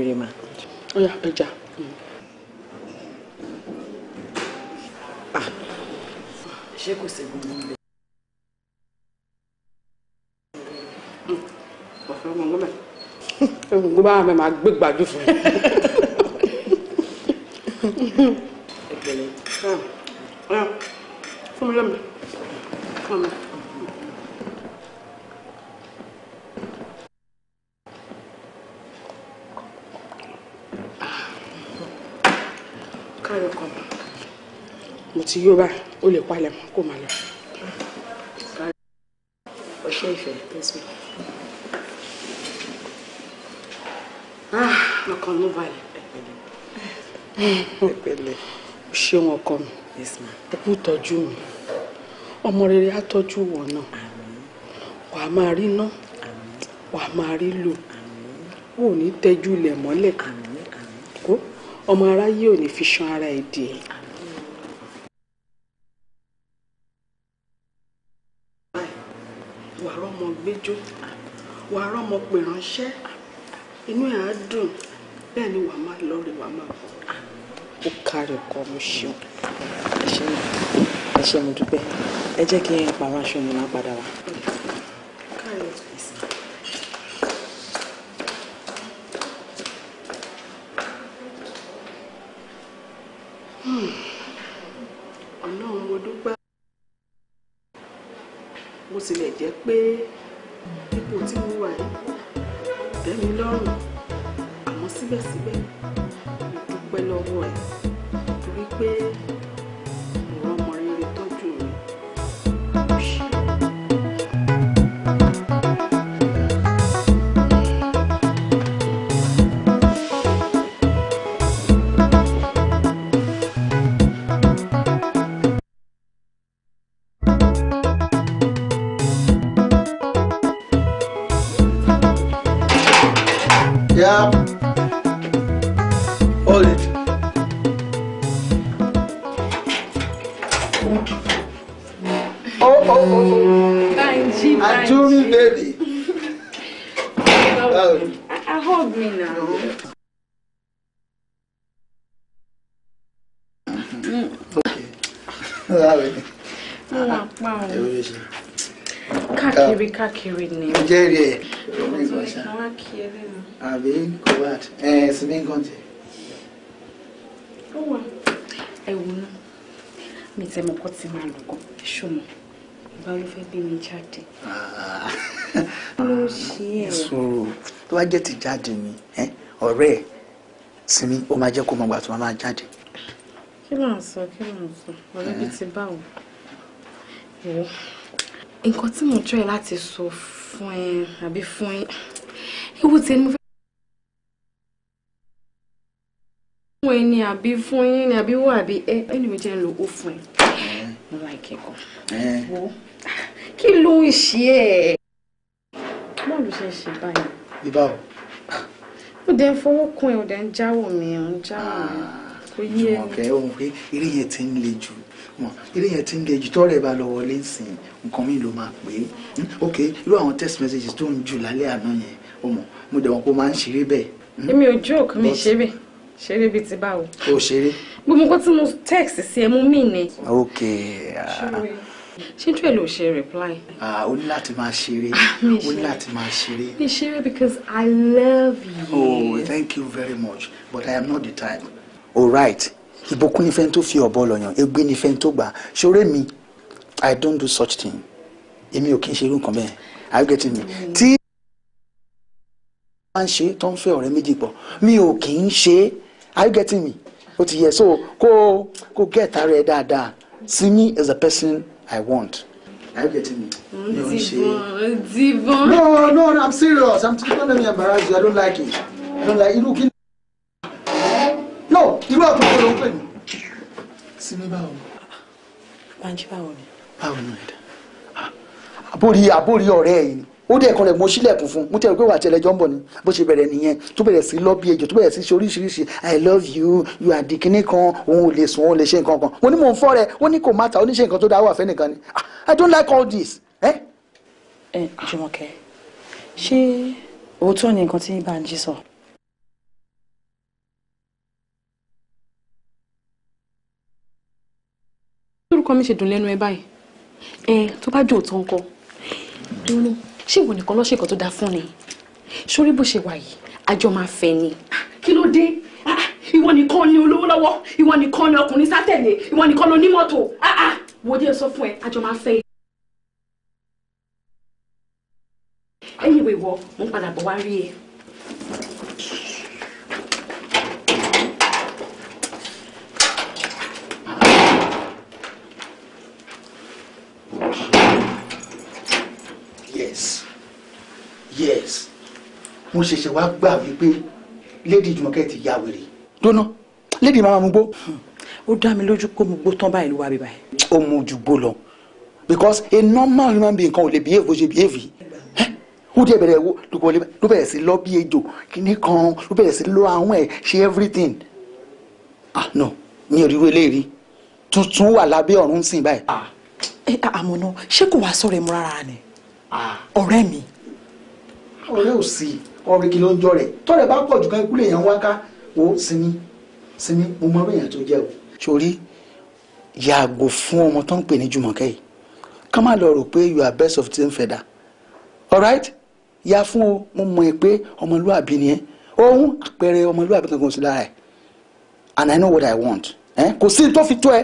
béèrè mà. ó yá ẹja. ṣé kò sí gbogbo ilé. ọ̀fẹ́ ọmọ gómẹ̀. egungun bá mi máa gbé gbàdú fún mi. ẹgbẹ̀rún fún mi lọ́mọ fún mi. káyọ̀ kan. mo ti yó báyìí ó lè palẹ̀ mọ́ kó máa lọ. ọṣẹ ìfẹ́ tẹsán. Ah, ọkàn ló balẹ̀ pẹ̀lẹ́. o ṣeun ọkọ mi ẹ kú tọ́jú mi ọmọ rere á tọ́jú wọn náà wàá máa rí ná wàá máa rí lò wò ní tẹ́jú ilẹ̀ mọ́lẹ̀ kan ọmọ aráyé ò ní fi ṣan ara ẹ̀ dè é. wàá rọ́mọ gbẹ́jọ́ wàá rọ́mọ pè ránṣẹ́ inú ẹ̀ á dùn bẹ́ẹ̀ ni wàá máa lọ rè wàá máa bọ̀. ó kárẹ̀ ọkọ mi ṣeun ẹ ṣe mo dúpẹ́ ẹ jẹ́ kí n pààrọ̀ aṣọ mi máa padà wá. pé fẹ́ mọ kọ́ tí máa lò kọ́ ṣùgbọ́n bá ló fẹ́ bí mi jáde. Ah. ló ṣe é. ìṣòro tó bá jẹ́ ti jáde ni ọ̀rẹ́ ẹ̀ sinmi ó máa jẹ́ kó mọ̀ gbà tó máa jáde. kí ló ń sọ kí ló ń sọ ọ̀rẹ́ bíi eh. ti báwo. wo nǹkan tí mo jọ́ ẹ láti sọ fún ẹ àbí fún ẹ ewu tí mo fẹ́. fún ẹ ni àbí fún yín ni àbí wọ àbí ẹ ẹni mi jẹ́ ń lo ó fún ẹ mo wá ìkẹ́kọ̀ọ́ wo kí ló ń ṣe ẹ́ bọ́ọ̀lù ṣe ń ṣe báyìí. bíbá o. ó dẹ̀ ń fọwọ́ kun ẹ̀ ó dẹ̀ ń jáwọ́ mi ẹ̀ ń jáwọ́ mi ah, kò yé ẹ. jùmọ̀kẹ́ ohun pé eré yẹn ti ń le jù mọ̀ eré yẹn ti ń le jù tọ́rẹ̀ bá lọ wọlé sìn nǹkan mi ló máa pè é hmm, ok irú àwọn text messages tó ń jù lálẹ́ àná yẹn o mo dẹ̀ wọ́n pé ó máa ń ṣeré bẹ́ẹ̀. Hmm. èmi ò jókòó mi ṣe ṣeré bíi ti báwo. o ṣeré. gbogbo nǹkan tí mo text sí ẹ mú mí ni. ok. Ah. ṣé ẹ ló ṣe reply. o ah, ní láti máa ṣeré o ah, ní láti máa ṣeré. mi ṣeré because i love you. oh thank you very much but i am not the type. alright ìbùkún ni fẹ́ni tó fi ọ̀bọ lọ̀yàn ègbé ni fẹ́ni tó gbà ṣoré mi i don't do such thing èmi ò kí n ṣe irú nǹkan bẹ́ẹ̀ are you getting me. Mm. tí wọ́n máa ń ṣe tó ń fẹ́ ọ̀rẹ́ méjì pọ̀ mi ò kì í ṣe é are you getting me ó ti yẹ so kó kó get ara ẹ dáadáa see me as a person i want are you getting me. dibon dibon. no no no i'm serious i'm don't let embarrass you i don't like it i don't like irú kí ni. no irú àkókò ló ń pè mí. sinmi báwo. banji báwo ni. báwo ni ẹ̀dá ah, àbórí àbórí ọ̀rẹ́ yìí ó dẹ̀ kan rẹ̀ mo sílẹ̀kùn fún mo tẹ̀wé pé wà á tẹ̀lé jọ́ńbọ̀ ni bó ṣe bẹ̀rẹ̀ nìyẹn tó bẹ̀rẹ̀ sí lọ́bí ẹjọ́ tó bẹ̀rẹ̀ sí ṣe oríṣiríṣi i love you you are the kinní kan òun ò lè sùn òun ò lè ṣe nǹkan kan mo ní mò ń fọ́ rẹ̀ ó ní kò máta ó ní nǹkan tó dáa wà fẹ́ ni ah, i don't like all this. ẹ ẹ Jùmọ̀kẹ́ ṣé òótọ́ ni nǹkan tí Bánjí sọ. lórúkọ mi ṣe dùn lẹ́nu ẹ báyìí ẹ eh, tó bá jò tán kọ dúró ṣé ìwọ nìkan ló ṣe nǹkan tó dáa fún ni sórí bó ṣe wà yìí àjọ máa fẹ́ ni. kí ló dé ah, ìwọ nìkan ni olówó lọ́wọ́ ìwọ nìkan ni ọkùnrin sátẹ̀lé ìwọ nìkan ló ní mọ́tò ah, ah, wo díẹ̀ sọ fún ẹ àjọ máa fẹ́. ẹ̀yìn ìwé wọ mo ń padà bọ̀ wá rí ẹ. mo ṣẹ̀ṣẹ̀ wá gbà wípé lady Jùmọ̀kẹ́ ti ya wèrè. dóná lady mama mú gbó. Hmm. ó dá mi lójú pé mo gbó tán báyìí ló wá bíbá yìí. ó mu ju gbó lọ because a normal human being kan ò lè behave bó ṣe behave yìí ó dẹ̀ bẹ̀rẹ̀ wo ló bẹ̀rẹ̀ sí lọ bí ejò kíní kan ló bẹ̀rẹ̀ sí lọ àwọn ẹ̀ ṣe everything ah no mi ò rí wọlé rí tuntun wà lábẹ́ ọ̀run sìn báyìí. Ah. ẹ ah, àmọ́ náà ṣé kò wá sọ̀rọ̀ ẹ̀ mú rárá ni ah. ọ̀rẹ́ mi. ọ̀rẹ́ ò sí i kọ́ rí kí ló ń jọ rẹ̀ tọ́rẹ̀ bá pọ̀ jù kan ikú lè wá ká o sinmi sinmi mo mọ bẹ́yàn tó jẹ́ o. sori yàgò fún ọmọ tó ń pè ní jùmọ̀kẹ́ yìí ká má lọ rò pé you are best of ten feda. alright ya fún o mo mọ̀ ẹ́ pé ọmọlúwàbí ni ẹ́ ohun àpẹẹrẹ ọmọlúwàbí kankan sí lára ẹ̀ and I know what I want kò sí tó fi tó ẹ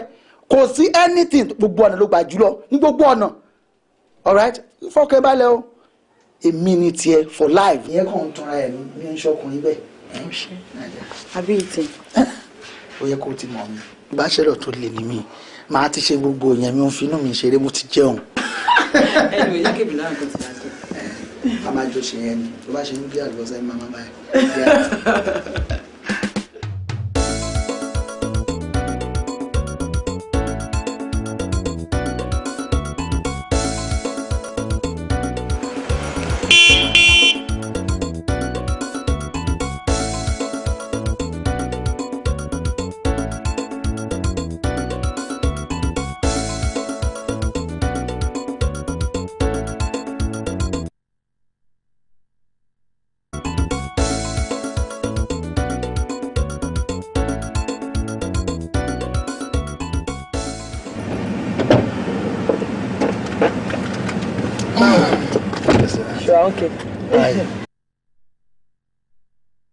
kò sí anything gbogbo ọ̀nà ló gbà jùlọ ní gbogbo ọ̀nà alright fọkẹ́ balẹ̀ o èmi ni tiẹ̀ for life. ìyẹn kàn ń tanra ẹ̀ mi ń ṣọkùnrin bẹ́ẹ̀. àbí ìtì. ó yẹ kó o ti mọ̀ mi ìbáṣẹ́rọ̀ tó lè ní mi màá ti ṣe gbogbo ìyẹn mi ò fi inú mi ṣeré mo ti jẹun. ẹnu ìyá kébì lára kan ti bá jẹ. a máa jọ ṣe yẹn ni tó bá ṣe ń bí àlùbọ́sẹ̀ máa máa bá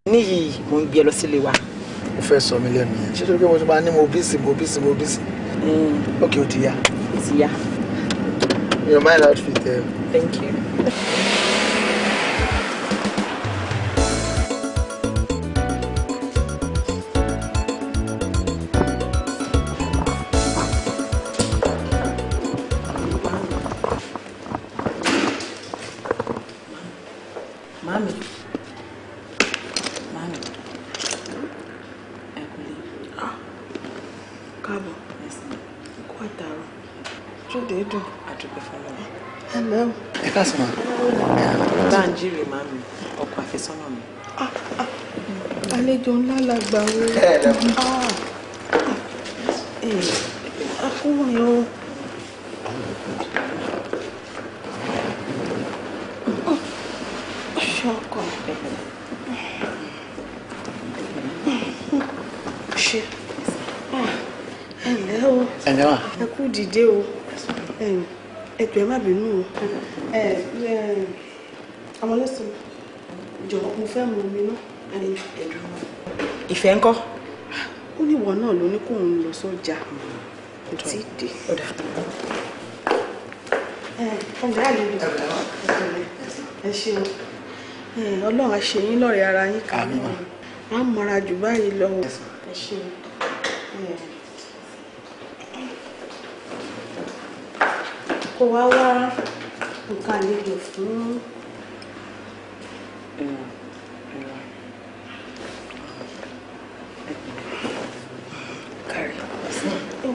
níyì mò ń gbé lọ sílé wa. mo fẹ́ sọ mí lẹ́nu yẹn ṣé torí pé mo ti máa ní mo bísí mo bísí mo bísí. Hmm. ok o ti ya. o ti ya. your mind outfit. Eh? thank you. serious ma. Bánjírì máa mi, ọkọ àfẹ́sọ́nà mi. Ah, àlejò ńlá la gbà wọ. Fún ah, ah, mi o. Ṣọkọ. Ṣé ẹ ǹlẹ́ o. Ẹ ǹlẹ́ dìde o. Ẹ jọ̀ọ́ ẹ má bínú o àwọn lẹ́sìn jọ mo fẹ́ mu omi náà ẹni ẹ̀dùn náà. ìfẹ́ ńkọ́. ó ní ìwọ náà ló ní kó òun lọ sọ́jà tí ì dé. ọ̀dà àlejò eh, ẹ ṣeun eh, ọlọ́run á ṣe yín lọ́rẹ̀ẹ́ ara yín kan á mọra jù báyìí lọ eh. kò wá wá nǹkan àlejò fún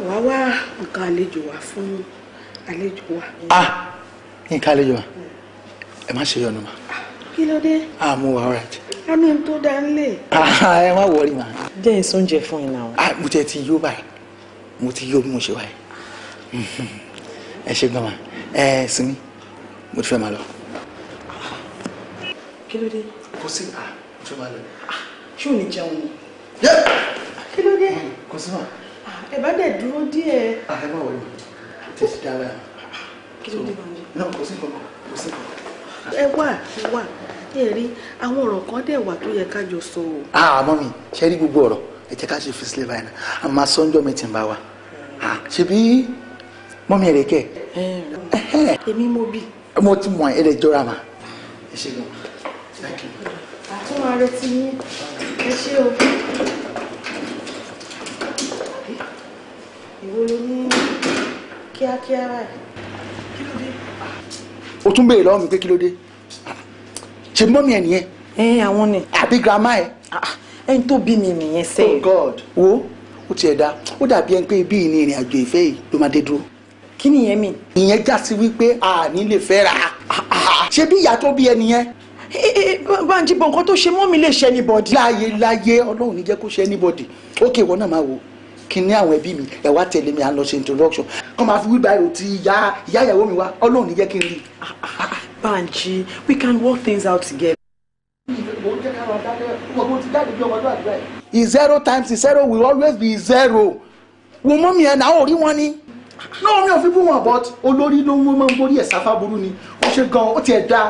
wá wá nǹkan àlejò wá fún àlejò wa. ah nǹkan àlejò wa ẹ má ṣe yọnu ma. kí ló dé. ah mo wà alright. a ní n tó dá ń lè. Ah, ẹ má wọrí ma. jẹ́ èso oúnjẹ fún iná ah mo tẹ ti yó báyìí mo ti yó bí mo ṣe wáyé hmm, hmm. ẹ ṣe gan ma ẹ sinmi mo ti fẹ́ máa lọ. kí ló dé. kò sí à mo fẹ́ máa lọ. Ah, ṣé ò ní jẹun ni. kí ló dé. Mm, kò sí mà. Ah, ẹ bá dẹ̀ dúró díẹ̀. Ah, ẹ má wọlé títí dára. kí ló dé bàjẹ́. náà kò sí kankan kò sí kankan. ẹ wà ẹ wà ẹ àwọn ọ̀rọ̀ kan dẹ̀ wà tó yẹ ká jọ sọ o. àmọ́ mi ṣe rí gbogbo ọ̀rọ̀ ẹ jẹ́ ká ṣe fi sílẹ̀ báyìí náà a máa sọ́njọ́ mi ti ń bá wa ṣebí mọ́mí ẹ̀rẹ̀kẹ́. èmi mo bì mo ti mọ̀ ẹ́ lè jọra mà ẹ ṣe gan. àtúmọ̀ retí yín ẹ ṣé o. ìwo ló ní kíákíá báyìí kí ló dé. o tún béèrè lọ́wọ́ mi pé kí ló dé ṣe mọ́mí ẹ nìyẹn. ẹ àwọn ni. àbí girama ẹ. Ah, ah, ẹni tó bí mi nìyẹn sẹ́yìn. oh God wo ó tiẹ̀ da ó dàbí ẹni pé bíi ni ìrìn àjò ìfẹ́ yìí ló máa dé dúró kí nìyẹn mi. ìyẹn já sí wípé a ní lè fẹ́ ra ṣé bí ìyá tó bí ẹ nìyẹn. Eh, eh, eh, Bánjí bọ nǹkan tó ṣe mọ́ mi lè ṣe anybody. láyé láyé ọlọ́run ní jẹ́ kó ṣe anybody ó kè wọ́n náà máa wò kí ní àwọn ẹbí mi ẹ wá tẹ̀lé mi à ń lọ ṣe introduction kọ́ máa fi wheelbarrow ti ìyá ìyá ìyàwó mi wá ọlọ́run ní jẹ́ kí n rí. Bánjí we can work things out together. zero times zero will always be zero wo mọ́ mi ẹ̀ náà ò rí wọn ni náà mi ò fi bú wọn but olórí ló ń wọ́n máa ń borí ẹ̀ sáfá burú ni ó ṣe gan-an ó tiẹ̀ dáa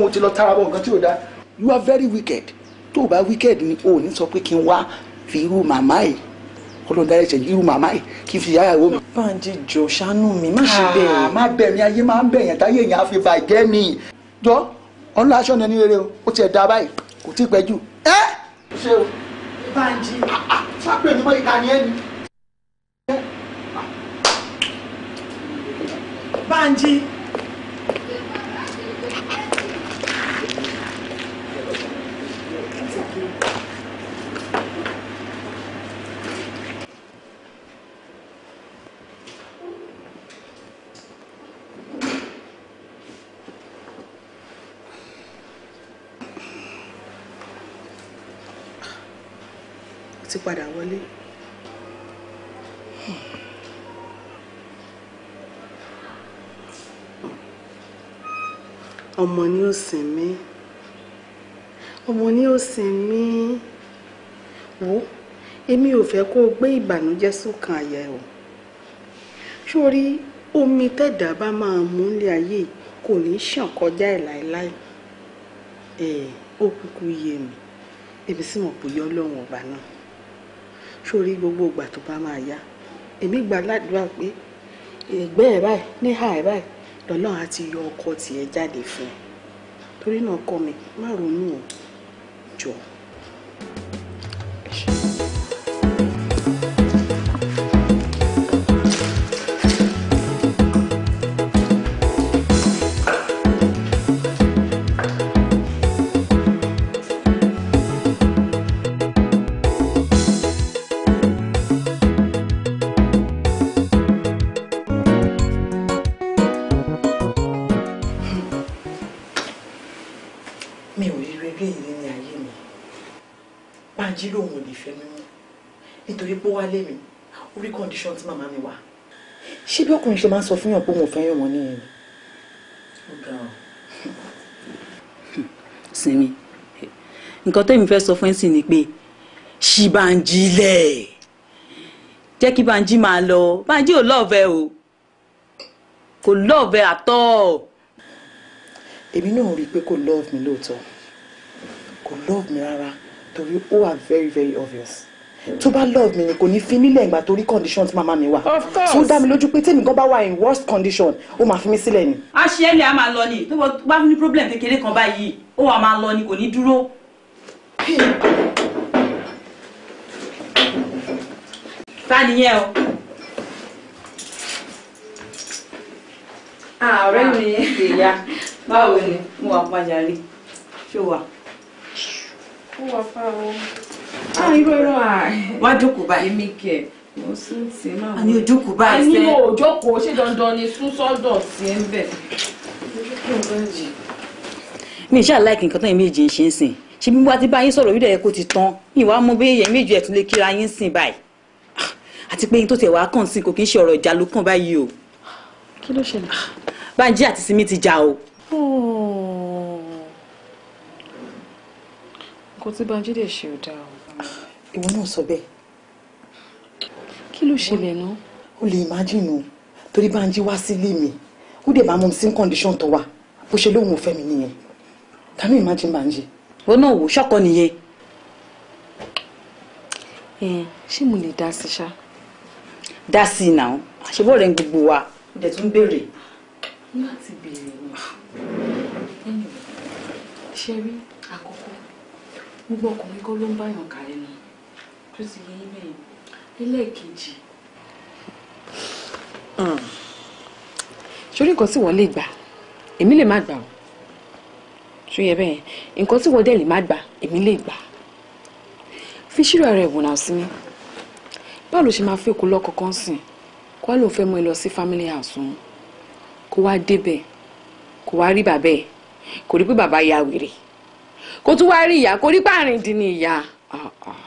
mo ti lọ tara bọ nǹkan tí ò dáa you are very wicked tó o bá wicked ni o ò ní sọ pé kí n wá fi irú màmá yìí ọlọ́run dára ẹ̀ṣẹ̀ irú màmá yìí kí n fi yàrá ìwọ mi. bàǹjì jọ ṣàánú mi má ṣe ah, bẹ́ẹ̀. má bẹ̀ mí ayé máa ń bẹ̀yàn táyé èèyàn á fi bàjẹ́ mi. jọ ọlọ́run aṣọ ni ẹni rere o ó tiẹ̀ da báyìí kò tí ì pẹ́ jù. ẹ ṣe o bàǹjì sápẹ́ mi mọ́ ìkànnì ẹni. Banji. ti padà wọlé. ọmọ ni ó sìn mí ọmọ ni ó sìn mí wò èmi ò fẹ́ kó o gbé ìbànújẹ́ sókàn àyà o sórí omi tẹ̀dá bá máa mú ilé ayé kò ní ṣàn kọjá ẹ̀ láéláé ẹ̀ ó kúkú yé mi èmi sì mọ̀ pé yọ ọlọ́run ọba náà sórí gbogbo ìgbà tó bá máa yá èmi gbà ládùúrà pé ẹgbẹ́ ẹ̀ báyìí níhà ẹ̀ báyìí lọ́lọ́run á ti yọ ọkọ tiẹ̀ jáde fún ẹ torí náà kọ́ mi má ronú o jọ̀ọ́. condition tí màmá mi wà. ṣé bí ọkùnrin ṣe máa ń sọ fún yàn pé òun ò fẹ́ràn wọn nìyẹn ni. ó ga ọ. sinmi nǹkan tẹ́mi fẹ́ sọ fún ẹ́ sì ni pé ṣì Bánjí lẹ̀ jẹ́ kí Bánjí máa lọ Bánjí ò lọ́ọ̀fẹ́ o kò lọ́ọ̀fẹ́ àtọ́. èmi náà rí i pé kò love mi lóòótọ́ kò love mi rárá torí ó wà very very obvious tó bá love mi ni kò ní fi mí lẹ̀ ìgbà torí condition tí màmá mi wà. of course tó dá mi lójú pé tèmi gan bá wà in worst condition ó máa fi mí sílẹ̀ ni. a ṣe é lè a máa lọ ni tó bá ní problem kékeré kan báyìí ó wà máa lọ ni kò ní dúró. ta nìyẹn o. Ah, ọ̀rẹ́ mi ah, ìyá báwo ni mo wà pàjáre ṣó wà. ó wà fáwọn ah irọ́ irọ́ à. wá jókòó báyìí. èmi kẹ̀ mo sún sí máa. àní ojókòó báyìí sẹ́ẹ̀. àní mo ò jókòó ṣé dandan ni sún sọ́dọ̀ sí ẹ bẹ̀. mi ṣáà láìkì nǹkan tán èmi èjì ń ṣe ń sìn ṣe bí wá ti bá yín sọ̀rọ̀ yídẹ̀ kó ti tán ìwà mọ bí èyàn méjì ẹ̀ tún lè kíra yín sìn báyìí ah, àti pé yín tó tiẹ̀ wá kàn sí kò kí ń ṣe ọ̀rọ̀ ìjà ló kàn báyìí o. kí ló ṣẹlẹ̀. Bánjí àti Simi ti jà o. nǹkan tí Bánjí dẹ̀ ṣe ò dáa o ìwọ náà sọ bẹ́ẹ̀. kí ló ṣẹlẹ̀ náà. o lè imagine o torí Bánjí wá sílé mi ó dẹ̀ bá mú mi sí condition tó wà bó ṣe lóun ò mi nìyẹn can you imagine Bánjí. ìwọ náà wò ṣọ́kọ nìyẹn. ṣé mo lè dá sí ṣá. dá sí i náà àṣebọ̀ rẹ̀ ń gbogbo wa. ó dẹ̀ tún béèrè. láti béèrè ni ṣe rí àkọ́kọ́ gbogbo ọkùnrin kọ́ ló ń báyàn kálẹ̀ nù tó hmm. ti yé yín bẹ́ẹ̀ ẹlẹ́ẹ̀kejì. sórí nǹkan tí wọ́n lè gbà èmi lè má gbà o ṣó yẹ bẹ́ẹ̀ nǹkan tí wọ́n dẹ̀ lè má gbà èmi lè gbà fi ṣírò ara ẹ̀wọ̀n náà sí mi báwo ló ṣe máa fẹ́ kó lọ́kọ̀ kan sìn kó wá lóun fẹ́ mú ẹ lọ sí family house òun kó wá débẹ̀ kó wá rí bàbá ẹ̀ kò rí pé bàbá ya wèrè kó tún wá rí ìyá kó rí páàrin dín ní ìyá ah, ah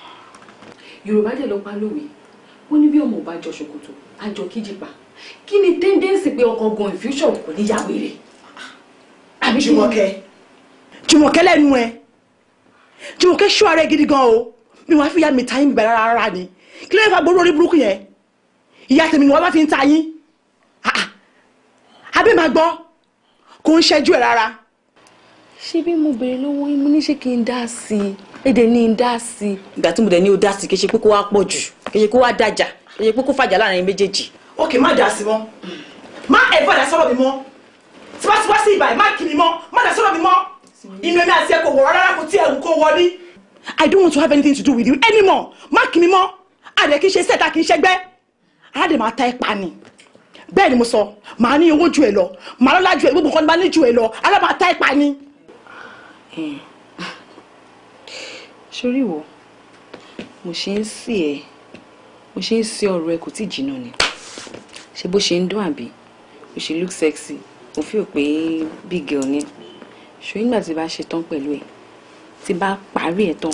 yorùbá dẹ̀ ló pa lówe ó ní bí ọmọ ò bá jọ ṣòkòtò á kíjì pa kí ni tẹ́ndẹ́ǹsì pé ọkọ̀ gan infusion kò ní yàwé rẹ̀ jùmọ̀kẹ́ jùmọ̀kẹ́ lẹ́nu ẹ̀ jùmọ̀kẹ́ ṣọ́ ara gidi gan o mi wàá fi ya mi ta yín bẹ̀rẹ̀ rárá ni kí ló yẹ fa gbóró orí burúkú yẹn ìyá tèmi ni wọ́n bá fi ń ta yín abẹ́ máa gbọ́ kò ń ṣẹ́jú ẹ̀ rárá. ṣé bí mo béèrè lọ́wọ́ yín mo ní ṣé kí n dá sí i èdè ní í dá sí i. ìgbà tí mo dẹ̀ ní o dá sí i kì í ṣe pé kó wá pọ̀ jù kì í ṣe kó wá dájà kì í ṣe pé kó fàjà láàrin méjèèjì. ok má dà sí wọn má ẹ bá sọ́rọ̀ mi mọ́ síwáṣíwá sí ìbàyẹ̀ má kì mọ́ má dà sọ́rọ̀ mi mọ́ inú ẹ̀mí àti ẹ̀kọ́ wọ̀ rárá kò tí ẹ̀hún kò wọ I don't want to have anything to do with you anymore má kì mí mọ́ àdè kì í ṣe sẹ́ta kì í ṣẹ́gbẹ́ àdè máa ta ẹ̀ pa ni bẹ́ẹ̀ ni mo sọ màá ní owó ju ẹ lọ màá lọ́lá ju ẹ gbogbo nǹkan bá ní ju ẹ lọ alábàá ta ẹ̀ pa ni. Eh sórí wo mo ṣe ń sí ẹ mo ṣe ń sí ọ̀rọ̀ ẹ kò tí jìnnà ni ṣe bó ṣe ń dún àbí o ṣe look sexy mo fi hàn pé big girl ni ṣòyí nígbà tí bá ṣe tán pẹ̀lú ẹ tí bá parí ẹ tán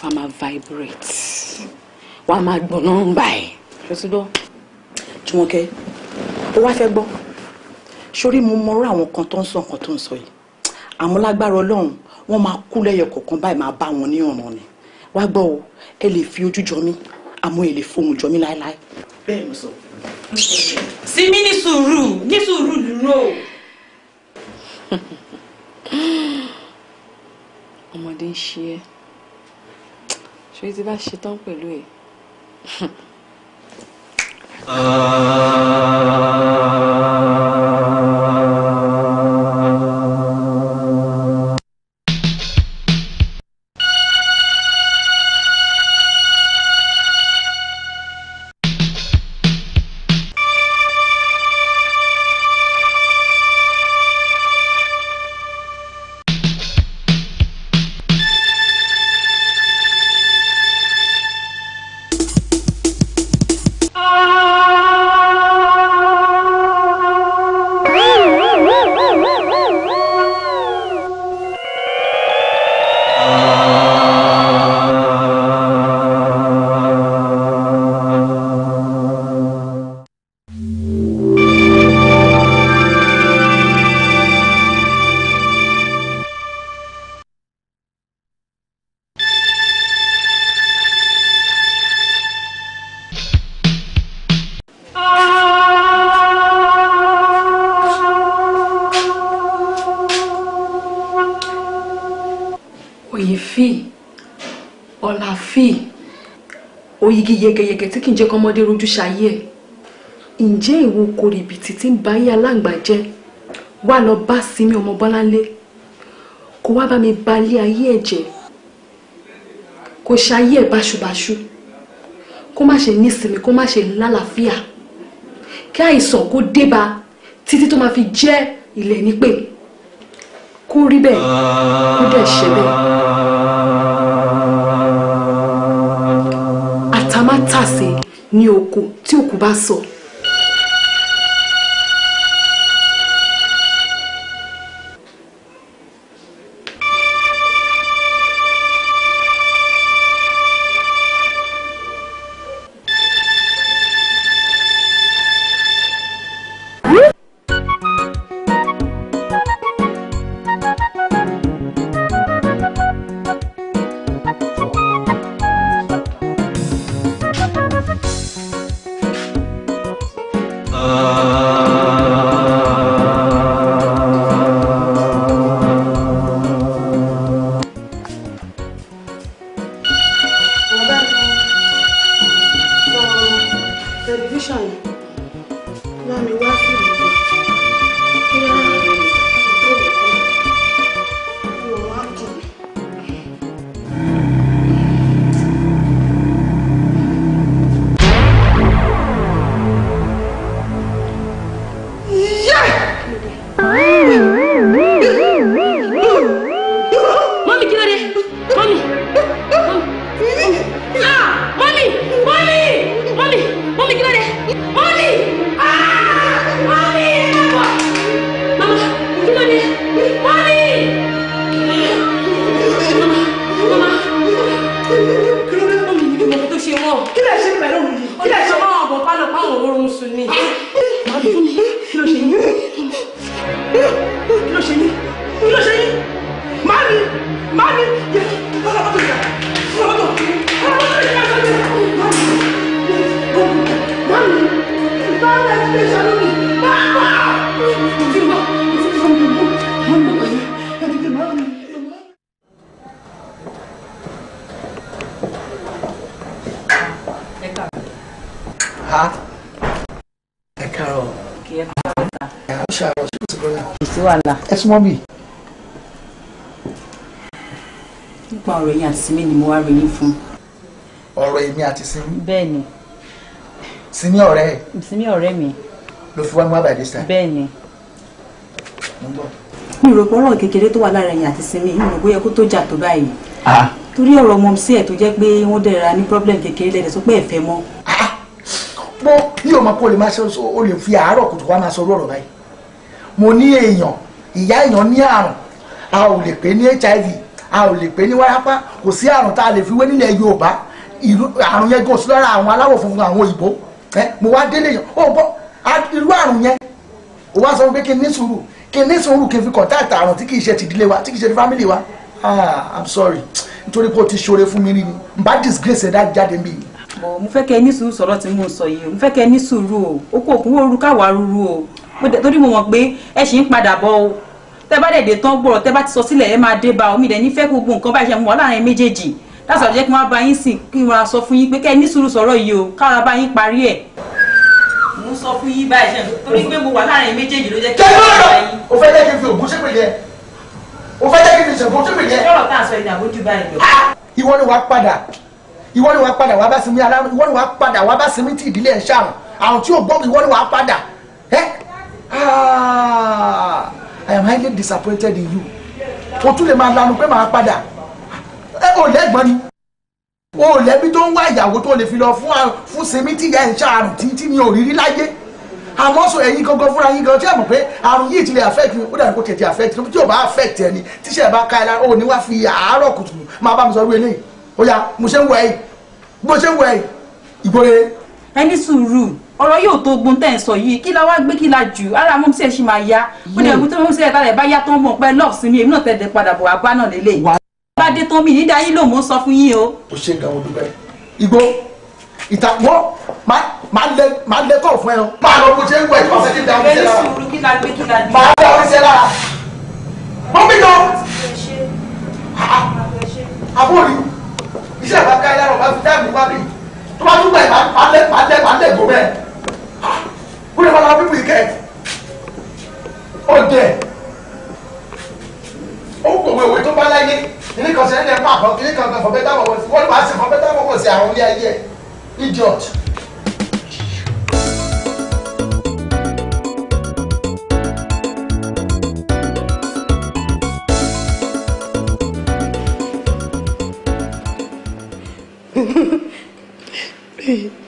wàá máa vibrate wàá máa gbọ̀nà ń bà ẹ́ lọ́tún gbọ́. Jùmọ̀kẹ́ ó wá fẹ́ gbọ́ sórí mo mọ̀rọ̀ àwọn kan tó ń sọ nǹkan tó ń sọ yìí àmọ́ lágbára ọlọ́run wọ́n máa kú lẹ́yọ kọ̀ọ̀kan báyìí máa bá wọn ní ọ̀ràn ni wá gbọ́ o ẹ lè fi ojú jọ mí àmọ́ ẹ lè fohùn jọ mí láéláé. bẹ́ẹ̀ mo sọ. sinmi ní sùúrù ní sùúrù dúró. ọmọdé ń ṣe ẹ́ ṣé tí bá ṣe tán pẹ̀lú ẹ̀. Ah yẹgẹyẹgẹ tí kì í jẹ́ kọ́mọdé rojú ṣayé ẹ̀ ǹjẹ́ ìwo kòrìbìtì tí ń ba ayé aláǹgbà jẹ́ wà lọ bá sinmi ọmọ bọ́láńlé kó wá bá mi balẹ̀ ayé ẹ̀ jẹ́ kó ṣayé ẹ̀ báṣubàṣu kó má ṣe nísinmi kó má ṣe lálàáfíà kí àìsàn kó débá títí tó máa fi jẹ́ ilẹ̀ nípè kó rí bẹ́ẹ̀ kó dẹ̀ ṣe ní oko tí òkú bá sọ Vamos! súnmọ́ bì. nípa ọ̀rọ̀ yín àti sinmi ni mo wá rí yín fún. ọ̀rọ̀ èmi àti sinmi. bẹ́ẹ̀ ni. sinmi ọ̀rẹ́ ẹ̀. sinmi ọ̀rẹ́ mi. ló fi wá mú àbàdé sá. bẹ́ẹ̀ ni. mi ò rò pé ọ̀rọ̀ kékeré tó wà lára ẹ̀yìn àti sinmi mi ò rò pé ó yẹ kó tó jà tó báyìí. Ah. torí ọ̀rọ̀ ọmọ sí ẹ̀ tó jẹ́ pé wọ́n dẹ̀ra ní problem kékeré lẹ́dẹ̀ sọ pé ẹ̀fẹ́ mọ́. Ah. mo ní o máa kó o lè máa ṣe o lè fi àárọ̀ kùtù wá máa sọ ọ̀rọ̀ ìyá èèyàn ní àrùn a ò lè pè ní hiv a ò lè pè ní wárápá kò sí àrùn tá a lè fi wé nílẹ̀ yorùbá àrùn yẹn gòsí lára àwọn aláwọ̀ funfun àwọn òyìnbó mo wá délé yẹn ó bọ́ irú àrùn yẹn ó wá sọ pé kí n ní sùúrù kí n ní sùúrù kí n fi kọ̀ǹtáàtì àrùn tí kì í ṣe tìdílé wa tí kì í ṣe ti fámìlì wa ah i'm sorry nítorí pé o ti ṣoore fún mi rí ni n bá disgrace ẹ̀dá jáde mi. mo fẹ́ kẹ́ ẹ ní sùúrù sọ̀rọ̀ tí mo sọ yìí mo fẹ́ kẹ́ ẹ ní sùúrù o ó kó òkú wó orúkọ àwa rúru o torí mo mọ̀ pé ẹ ṣì ń padà bọ̀ o tẹ bá dẹ̀ dé tán gbọ́rọ̀ tẹ bá ti sọ sílẹ̀ ẹ máa dé bá omi dẹ̀ nífẹ̀ẹ́ gbogbo nǹkan báyìí ṣe mọ̀ láàrin méjèèjì láti ọ̀jẹ́ kí wọ́n bá yín sìn kí wọ́n sọ fún yín pé kẹ́ ẹ ní sùúrù sọ̀rọ̀ yìí o káwọn bá yín parí ẹ̀. mo ń sọ fún yín báyìí ṣe torí pé mo wà láàrin méjèèjì ló jẹ́ kí wọ́n bá yín. o fẹ́ jẹ́ kí n fi ògùn sípè ah i am highly disappointed in you o tún lè máa lanu pé màá padà ẹ ò lẹ́gbọ́n ni o lẹ́bi tó ń wá ìyàwó tó lè fi lọ fún fún sinmi tí ìyá ẹ̀ ń ṣàrùn títí ní òrírí láyé àmọ́ sọ ẹ̀yin gangan fúnra yín gan tí ẹ mọ̀ pé àrùn yìí ti lè affect mi ó dàbí kó tètè affect mi tí ò bá affect ẹni tíṣẹ́ bá ká ẹ lára ò ní wá fi àárọ̀ kùtù máa bá mi sọ wí eléyìí ó yá mo ṣe ń wẹ̀ yìí bó ṣe ń wẹ̀ yìí ìgbóre ẹni sùúrù ọ̀rọ̀ yóò tó ogun tẹ̀ ń sọ yìí kí la wá gbé kí la jù ara mú sí ẹ ṣì máa ya ó ní ẹgbẹ́ tó mú sí ẹ tálẹ̀ bá yá tó ń mọ̀ pé lọ́ọ̀ sí mi èmi náà tẹ̀lé padà bọ̀ àbá náà lélẹ̀ bá dé tán mi nídàá yín ló mọ̀ ń sọ fún yín o. o ṣe ga odò bẹ́ẹ̀ igbó ìtàwọ́ máa lẹ́kọ̀ọ́ fún ẹ o. máa lọ bó ṣe ń wẹ̀ ìfọ̀sẹ̀ kí da oúnjẹ lára. ẹni sùúrù kí la gbé kí la jù. máa da oúnjẹ lára. wọ́n bí lọ. àbúrò iṣẹ́ tó bá tún gbà ìbá pàdé pàdé pàdé gò bẹ́ẹ̀ wúlò wọn làwọn pípì kẹ́ ó jẹ ó kòwé òwe tó bá láyé kíní kan sẹ́yìn lẹ́ẹ̀pá àbọ̀ kíní kan kan fọ̀bẹ́tà wọ̀wọ̀ sí wọ́n bá sì fọ̀bẹ́tà wọ̀wọ̀ sí àwọn ilé ayé idiot.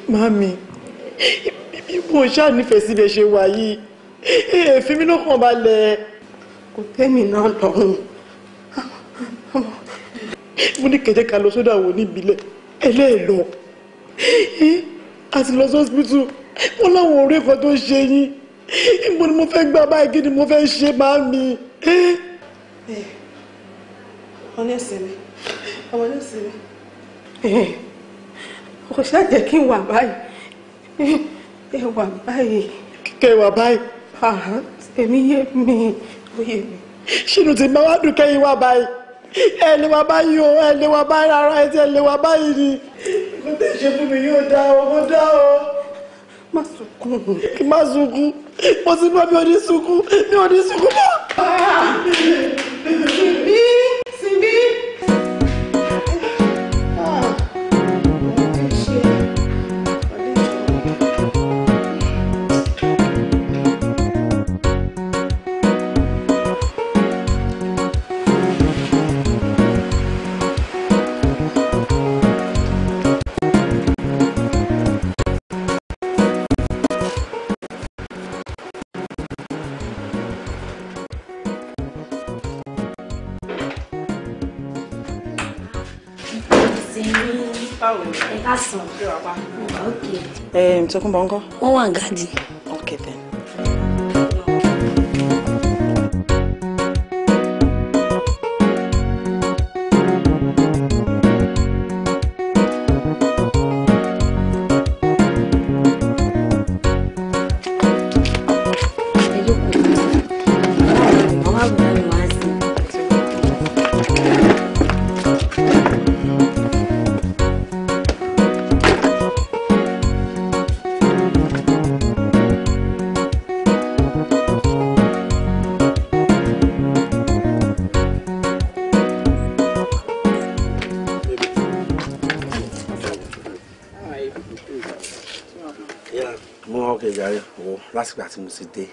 mami mo ṣáà nífẹ̀ẹ́ síbẹ̀ ṣe wà yìí èéfín mi lọ́kàn balẹ̀ kò tẹ́mi náà lọ́rùn mo ní kẹ̀jẹ́ ká lọ sódà wò níbílẹ̀ ẹlẹ́ẹ̀lọ àti lọ sọ́sibítù wọn láwọn ọ̀rẹ́ kan tó ṣe yín níbo ni mo fẹ́ gbà báyìí kí ni mo fẹ́ ṣe máa mi. ọ̀nẹ́sìn mi ọ̀nẹ́sìn mi kò ṣáà jẹ́ kí n wà báyìí ẹ wà báyìí. kíkẹ́ ẹ wà báyìí. èmi yé mi ó yé mi. ṣínú ti máa wá dùn kẹ́yìn wà báyìí ẹ lè wà báyìí o ẹ lè wà báyìí rárá ẹ lè wà báyìí ni. mo tẹ̀ ṣe fún mi yóò dá o mo dá o. má sunkún. má sunkún mo ti gbọ́ mi ò ní sunkún mi ò ní sunkún mọ́. síbí Okay. Um, so come on, go. Wọ́n wà gadi. Okay then. Mama, lásìkò àti mo ti dé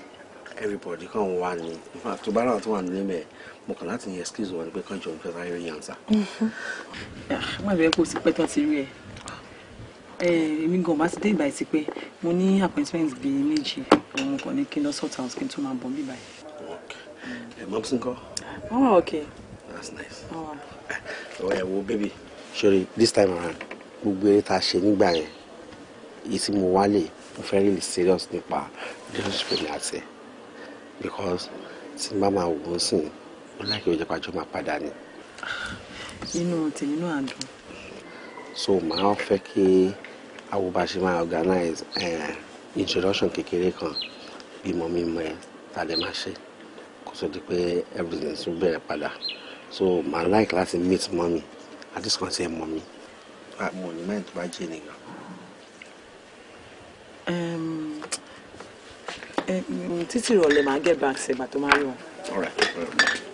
everybody kàn wá ní tó bá ráwọn tó wà nílé mẹ́ẹ̀ mo kàn láti yẹn excuse wọn ni pé kàn jọ nípa sáré rí yànsá. Mm-hmm. má bẹ̀rẹ̀ kó o ti pẹ́ tán ti rí ẹ èmi gan bá ti dé ìgbà ìsìn pé mo ní appointment bíi méjì òun kàn ní kí n lọ sort out tó máa bọ̀ bí báyìí. ẹ mọ sí nǹkan. wọn wà ok. that's nice. ọwọ ẹ wo bébì sorry this time around gbogbo eré tá a ṣe nígbà yẹn èyí tí mo wá lè mo fẹ́ really serious nípa just relax because mama, n bá máa wò ó sìn mo láì kí o jẹ́ pé àjọ máa padà ni. inú tèmi náà dùn. so màá fẹ́ kí awo bá ṣe máa organize uh, introduction kékeré kan bí mo mímọ ẹ ta lè máa ṣe kó tó di pé everything tún bẹ̀rẹ̀ padà so màá like láti meet mommy, I just want ẹ mọ́ mi. Ah, mo ní mẹ́rin tó bá títí ìrọ̀lẹ́ máa get back ṣe bàtọ́ máa rí wọn.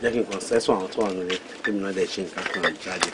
jẹ́ kí n kàn sẹ́sùn àwọn tó wà nílé kí mi náà dẹ̀ ṣe nǹkan kan jáde.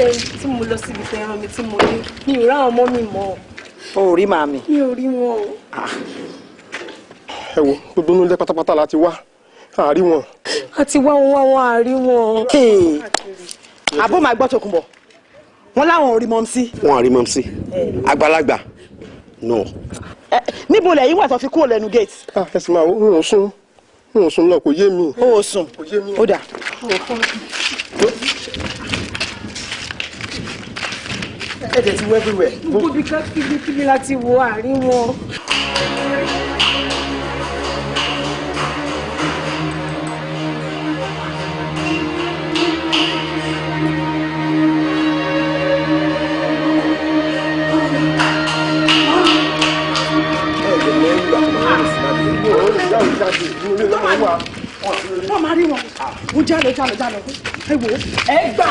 tẹ tí mo lọ síbi tẹ ẹran mi tí mo dé mi ò ráwọn ọmọ mi mọ́. o ò rí màmí. mi ò rí wọn o. Ah. ẹ wo gbogbo nílé pátápátá la ti wá a rí wọn. a ti wá wọn wá wọn a rí wọn. àbó máa gbọ́ Tòkunbọ̀ wọn láwọn ò rí mọ́mísí. wọn à rí mọ́mísí àgbàlagbà náà. níbo lẹ́yìn wà tó fi kúrò lẹ́nu gate. Ah, ẹ sì máa ń sún ń sún lọ kò yé mi. o ò sùn ó dà. ẹ̀jẹ̀ ti wọ everywhere. gbogbo ibi kan kíbi kíbi la ti àárín wọn. wọ́n máa rí wọn mo jálọ jálọ jálọ ẹ wò ẹ gbà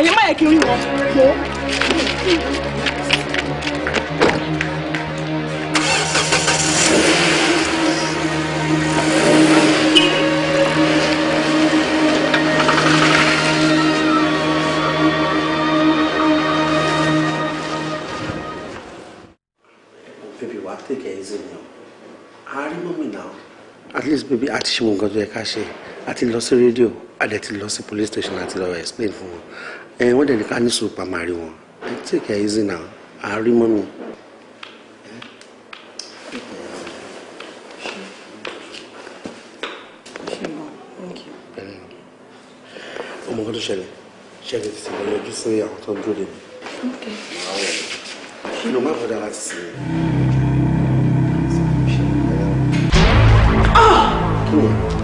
ẹ̀yin má yẹ kí n rí wọn mọ́. Take it easy At least, baby, àti ṣe mọ nǹkan tó yẹ ká a ti lọ sí rédíò a dẹ̀ ti lọ sí police station àti lọ explain fún wọn ẹ wọ́n dẹ̀ ní ká ní sùúrù pàmò àrí wọn ẹ take it easy now àárí mọ́ mi. ọmọ kan tó ṣẹlẹ̀ ṣẹlẹ̀ ti ṣẹlẹ̀ yọjú sí àwọn tó ń dúró dé mi. má fọdà láti sinmi. Ah! kí ni.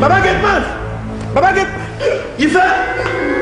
Baba Gateman! Baba Gateman! Gitsen!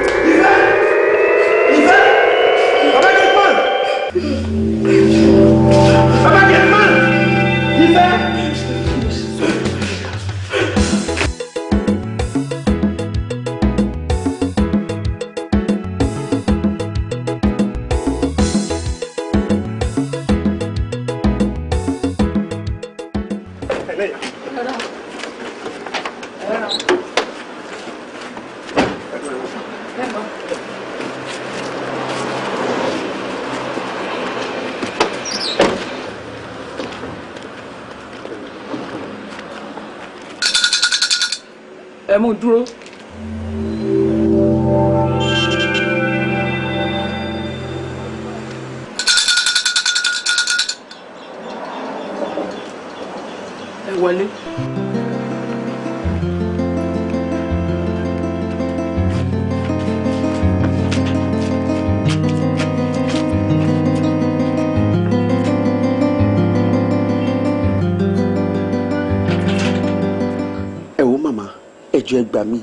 gbà mí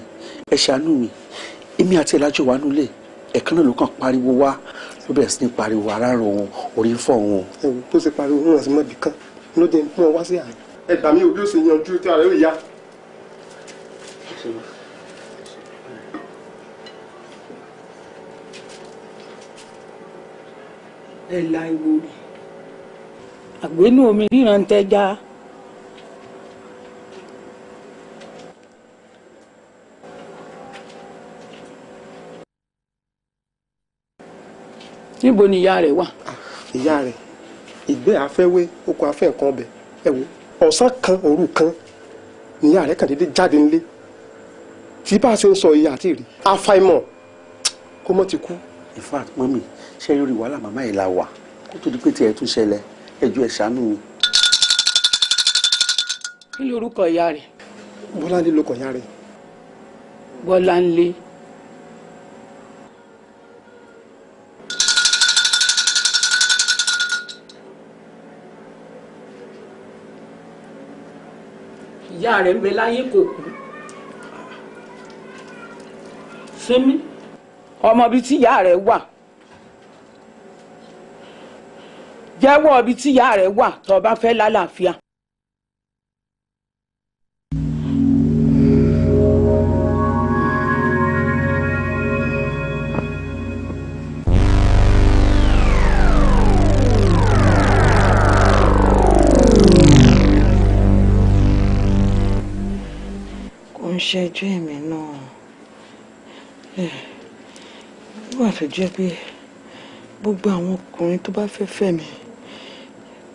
ẹ ṣàánú mi èmi àti ìlàjọ wà nulẹ̀ ẹ̀kan náà ló kàn pariwo wá ló bẹ̀rẹ̀ sí ní pariwo aráàrọ̀ wọn orí ń fọ́ wọn. ẹ̀wù tó ṣe pariwo ràn sí mọ́bì kan ló dé mú wá sí àná. ẹ gbà mí o bí ó ṣe yanjú tí ara yóò yá. ẹ la ìwò rẹ̀ àgbénú omi ríran tẹ́já níbo ni ìyá rẹ̀ wà. ìyá rẹ̀ ìgbẹ́ afẹ́wé oko afẹ́ nǹkan ọbẹ̀ ẹ wo ọ̀sán kan òru kan ni ìyá rẹ̀ kàn déédéé jáde nílé tí bá a ṣe ń sọ ìyá àti ìrì àfàìmọ̀ kó mọ́ ti kú. in fact mọ́mì ṣé ẹ rí wàhálà màmá yìí la wà kó tó di pé tiẹ̀ tún ṣẹlẹ̀ ẹjọ́ ẹ̀ ṣàánú mi. kí lorúkọ ìyá rẹ̀. bọ́láńlé lorúkọ ìyá rẹ̀. bọ́láńlé. ìyá rẹ̀ ń bẹ láyé kò kú sẹ́mi ọmọ bíi tí ìyá rẹ̀ wà jẹ́wọ́ bíi tí ìyá rẹ̀ wà tó bá fẹ́ lálàáfíà. ṣẹ́jú ẹ̀mí náà wà tó jẹ́ pé gbogbo àwọn ọkùnrin tó bá fẹ́ fẹ́ mi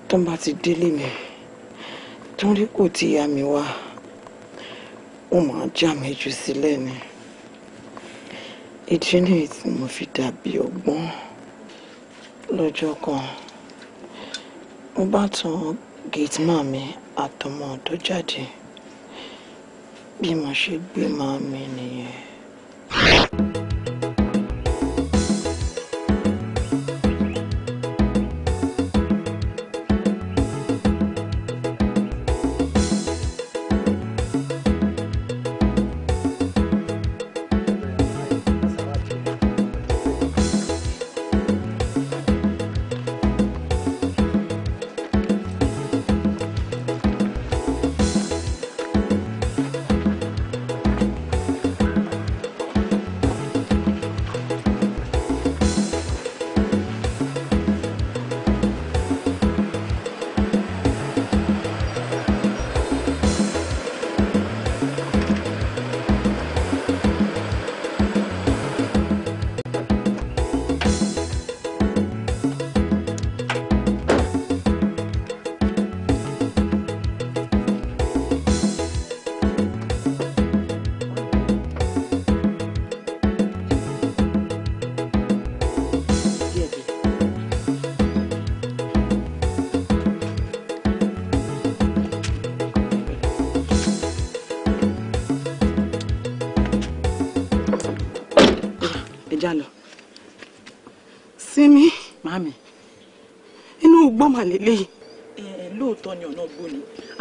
tó bá ti délé mi tó ń rí kò ti yá mi wá ó máa já mi jù sílẹ̀ ni ìdí nìyí tí mo fi dàbí ọgbọ́n lọ́jọ́ kan mo bá tan gate man mi àtọmọ tó jáde bí mo ṣe gbé màmí nìyẹn.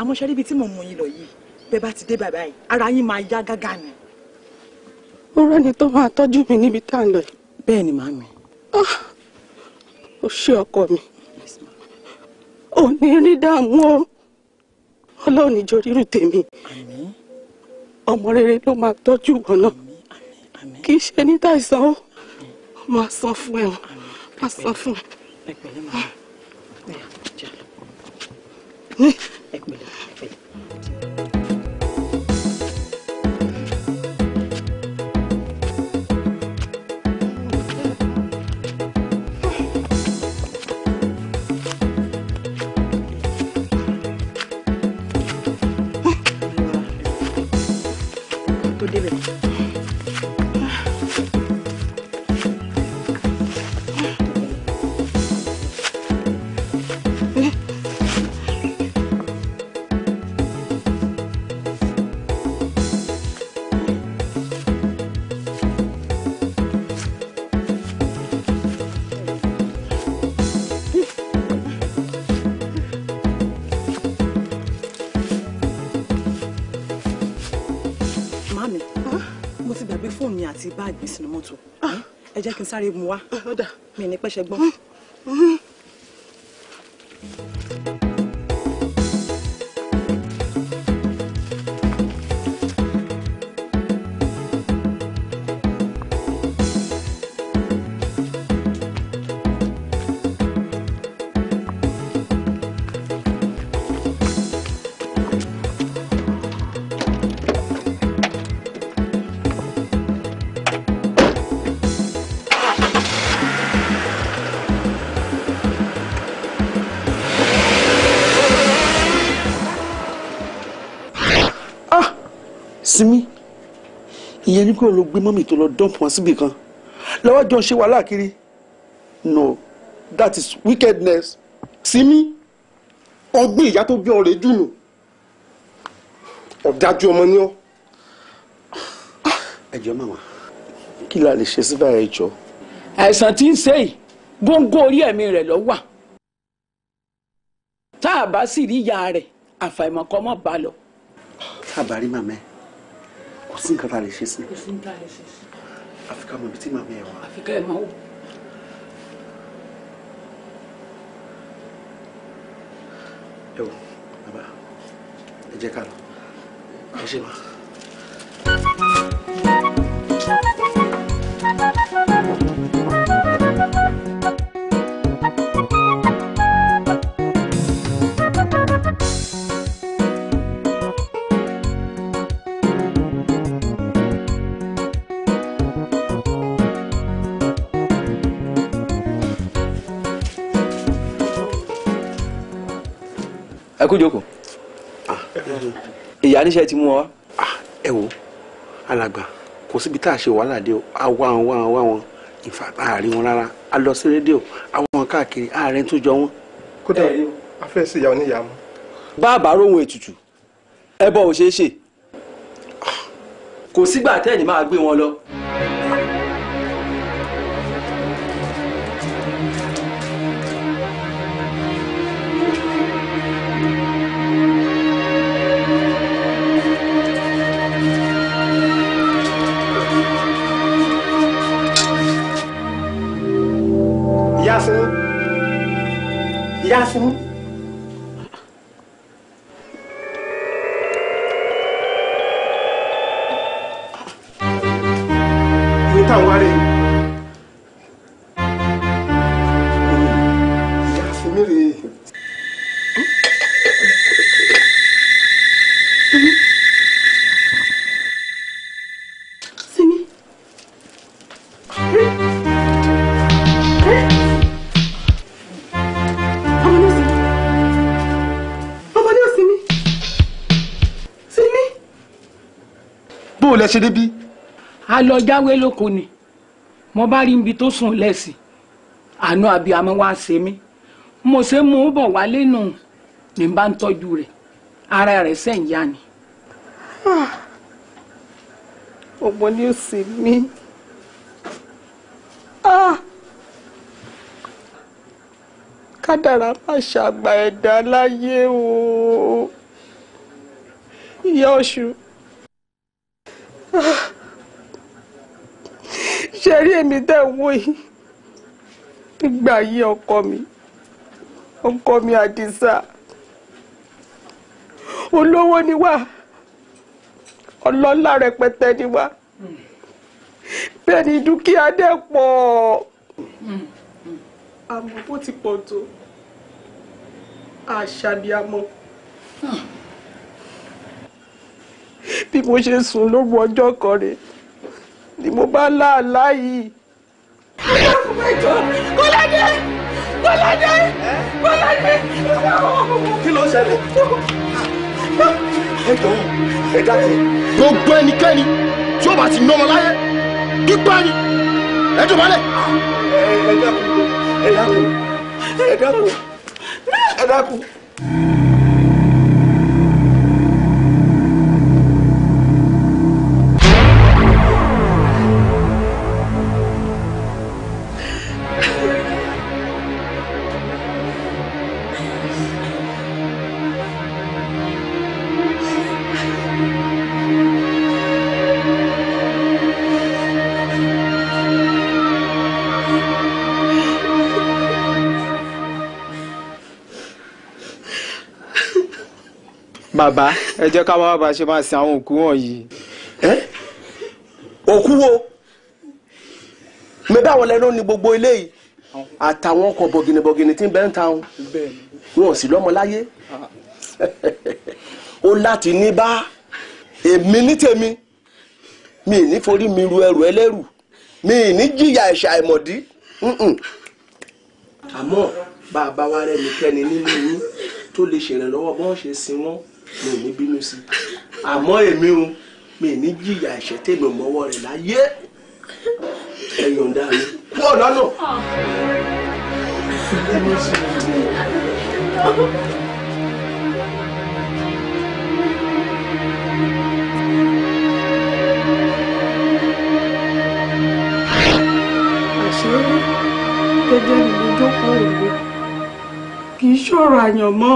àmọ́ ṣe ríbi tí mò ń mú lọ yìí bẹ́ẹ̀ bá ti dé bàbá yìí ara yín máa yá gágá ni. ó rẹ́ni tó máa tọ́jú mi níbi tá à ń lọ yìí. bẹ́ẹ̀ ni màámi. Ah! ó ṣe ọkọ mi ò ní rí dààmú o ọlọ́run ìjọ rírù tèmi ọmọ rere ló máa tọ́jú wọn náà kì í ṣe ní tàìsàn ó máa san fún ẹ máa san fún ẹ. àti báàgì sínú mọ́tò ah. ẹ jẹ́ kí n sáré mu wá mi ní pẹ́ṣẹ gbọ́n. pé òun ló gbé mọ́mì tó lọ dọ́ǹpù wọn síbì kan làwọn jọ ṣe wàhálà kiri no that is wickedness Simi ọgbìn ìyá tó bí ọ̀rẹ́ jùnù ọ̀dájú ọmọ ni ọ́ ẹjọ́ màmá kí la lè ṣe sí báyìí ẹjọ́. àìsàn tí ń ṣe yìí góńgó orí ẹ̀mí rẹ̀ ló wà tá a bá sì rí ìyá rẹ̀ àfàìmọ̀kọ́mọ́ bá lọ. tá màmá ẹ̀ kò sí nǹkan tá a lè ṣe sí. kò sí nǹkan tá a lè ṣe sí. àfi ká mọ ibi tí màmí ẹ wà. àfi ẹ máa wò. ẹ wò bàbá ẹ jẹ́ ká lọ ẹ ṣe máa. ẹ kú jókòó ah. ìyá níṣẹ́ ti mú ọ wá. Ah, ẹ wo alàgbà kò síbi tá a ṣe wàhálà dé o a wá wọn wá wọn wá wọn ìfà àárín wọn rárá a lọ sí rédíò a wọn káàkiri àárín tó jọ wọn. kódà afẹ́ sí ìyá oníyàá mu. bá a bá róhun ètùtù ẹ bọ̀ ò ṣeé ṣe ah. kò sígbà tẹ́ẹ̀nì máa gbé wọn lọ. já assim, ṣe débí. a lọ jáwé lóko ni mo bá rí ibi tó sùn lẹ́sìn àánú abiyamọ wá ṣe mí mo ṣe mú bọ̀ wálé nù ní bá ń tọ́jú rẹ̀ ara rẹ̀ ṣẹ̀ yá ni. Ah! ọ̀gbọ́n ni ó sì mí. Ah! kádàrá má ṣàgbà ẹ̀dá láyé o ìyá ọ̀ṣun ṣe rí èmi tẹ́ ń wò yìí nígbà yí ọkọ mi ọkọ mi àdìsá olówó ni wá ọlọ́lá rẹpẹtẹ ni wá bẹ́ẹ̀ ni dúkìá dẹ̀ pọ̀ àmọ́ bó ti pọ̀ tó àṣàbíàmọ́ bí mo ṣe sùn lóru ọjọ́ kan rè ni mo bá láàlá yìí. kọ́ládé kọ́ládé kọ́ládé kí ló ṣẹlẹ̀ ẹ jọ̀wọ́ ẹ dákẹ́. gbogbo ẹnikẹ́ni tí ó bá ti ná ọmọ láyé gbígbá ni ẹ jọba lẹ. ẹ dákun ẹ dákun ẹ dákun ẹ dákun. bàbá ẹ jẹ́ ká máa bá ṣe máa sin àwọn òkú wọ̀nyí. òkú wo mi báwọn lẹnu ni gbogbo ilé yìí àtàwọn ọkọ̀ bọ̀gìnìbọ̀gìnì tí ń bẹ́ ń ta wọn wọn ò sì lọ́mọ láyé ó láti ní bá èmi ní tèmi mi ní forí mi ru ẹrù ẹlẹ́rù mi ní jìyà ẹ̀ṣẹ̀ àìmọ̀dí àmọ́ bàbá wa rẹ̀ nìkẹ́ni nínú yín tó lè ṣèrànlọ́wọ́ bọ́n ṣe sin wọ́n mi ní bínú sí àmọ́ èmi o mi ní jìyà ẹ̀ṣẹ̀ tèmi mọ́wọ́ rẹ̀ láyé ẹ yọ̀ǹda mi kú ọ̀nà náà. àṣírí gẹ́gẹ́ bí ojú kan òwe kì í ṣọ̀rọ̀ àyànmọ́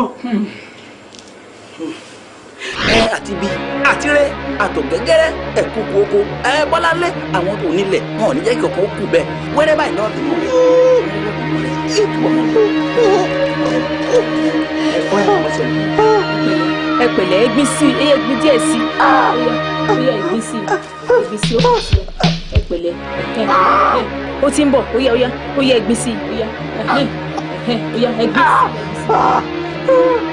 ẹ àti bí àtirẹ àtọ̀gẹ́gẹ́rẹ́ ẹ̀kúkú oko ẹ bọ́lá lé àwọn tó nílẹ̀ wọn ò ní jẹ́ kí ọkàn ó kù bẹ́ẹ̀ wẹ́rẹ́ báyìí náà dùn ẹ pẹ̀lẹ́ egbin sí i eye gbin díẹ̀ sí i oyè egbin sí i egbin sí i ó sì ẹ pẹ̀lẹ́ ó ti ń bọ̀ oyè oyè oyè egbin sí i oyè oyè egbin sí i.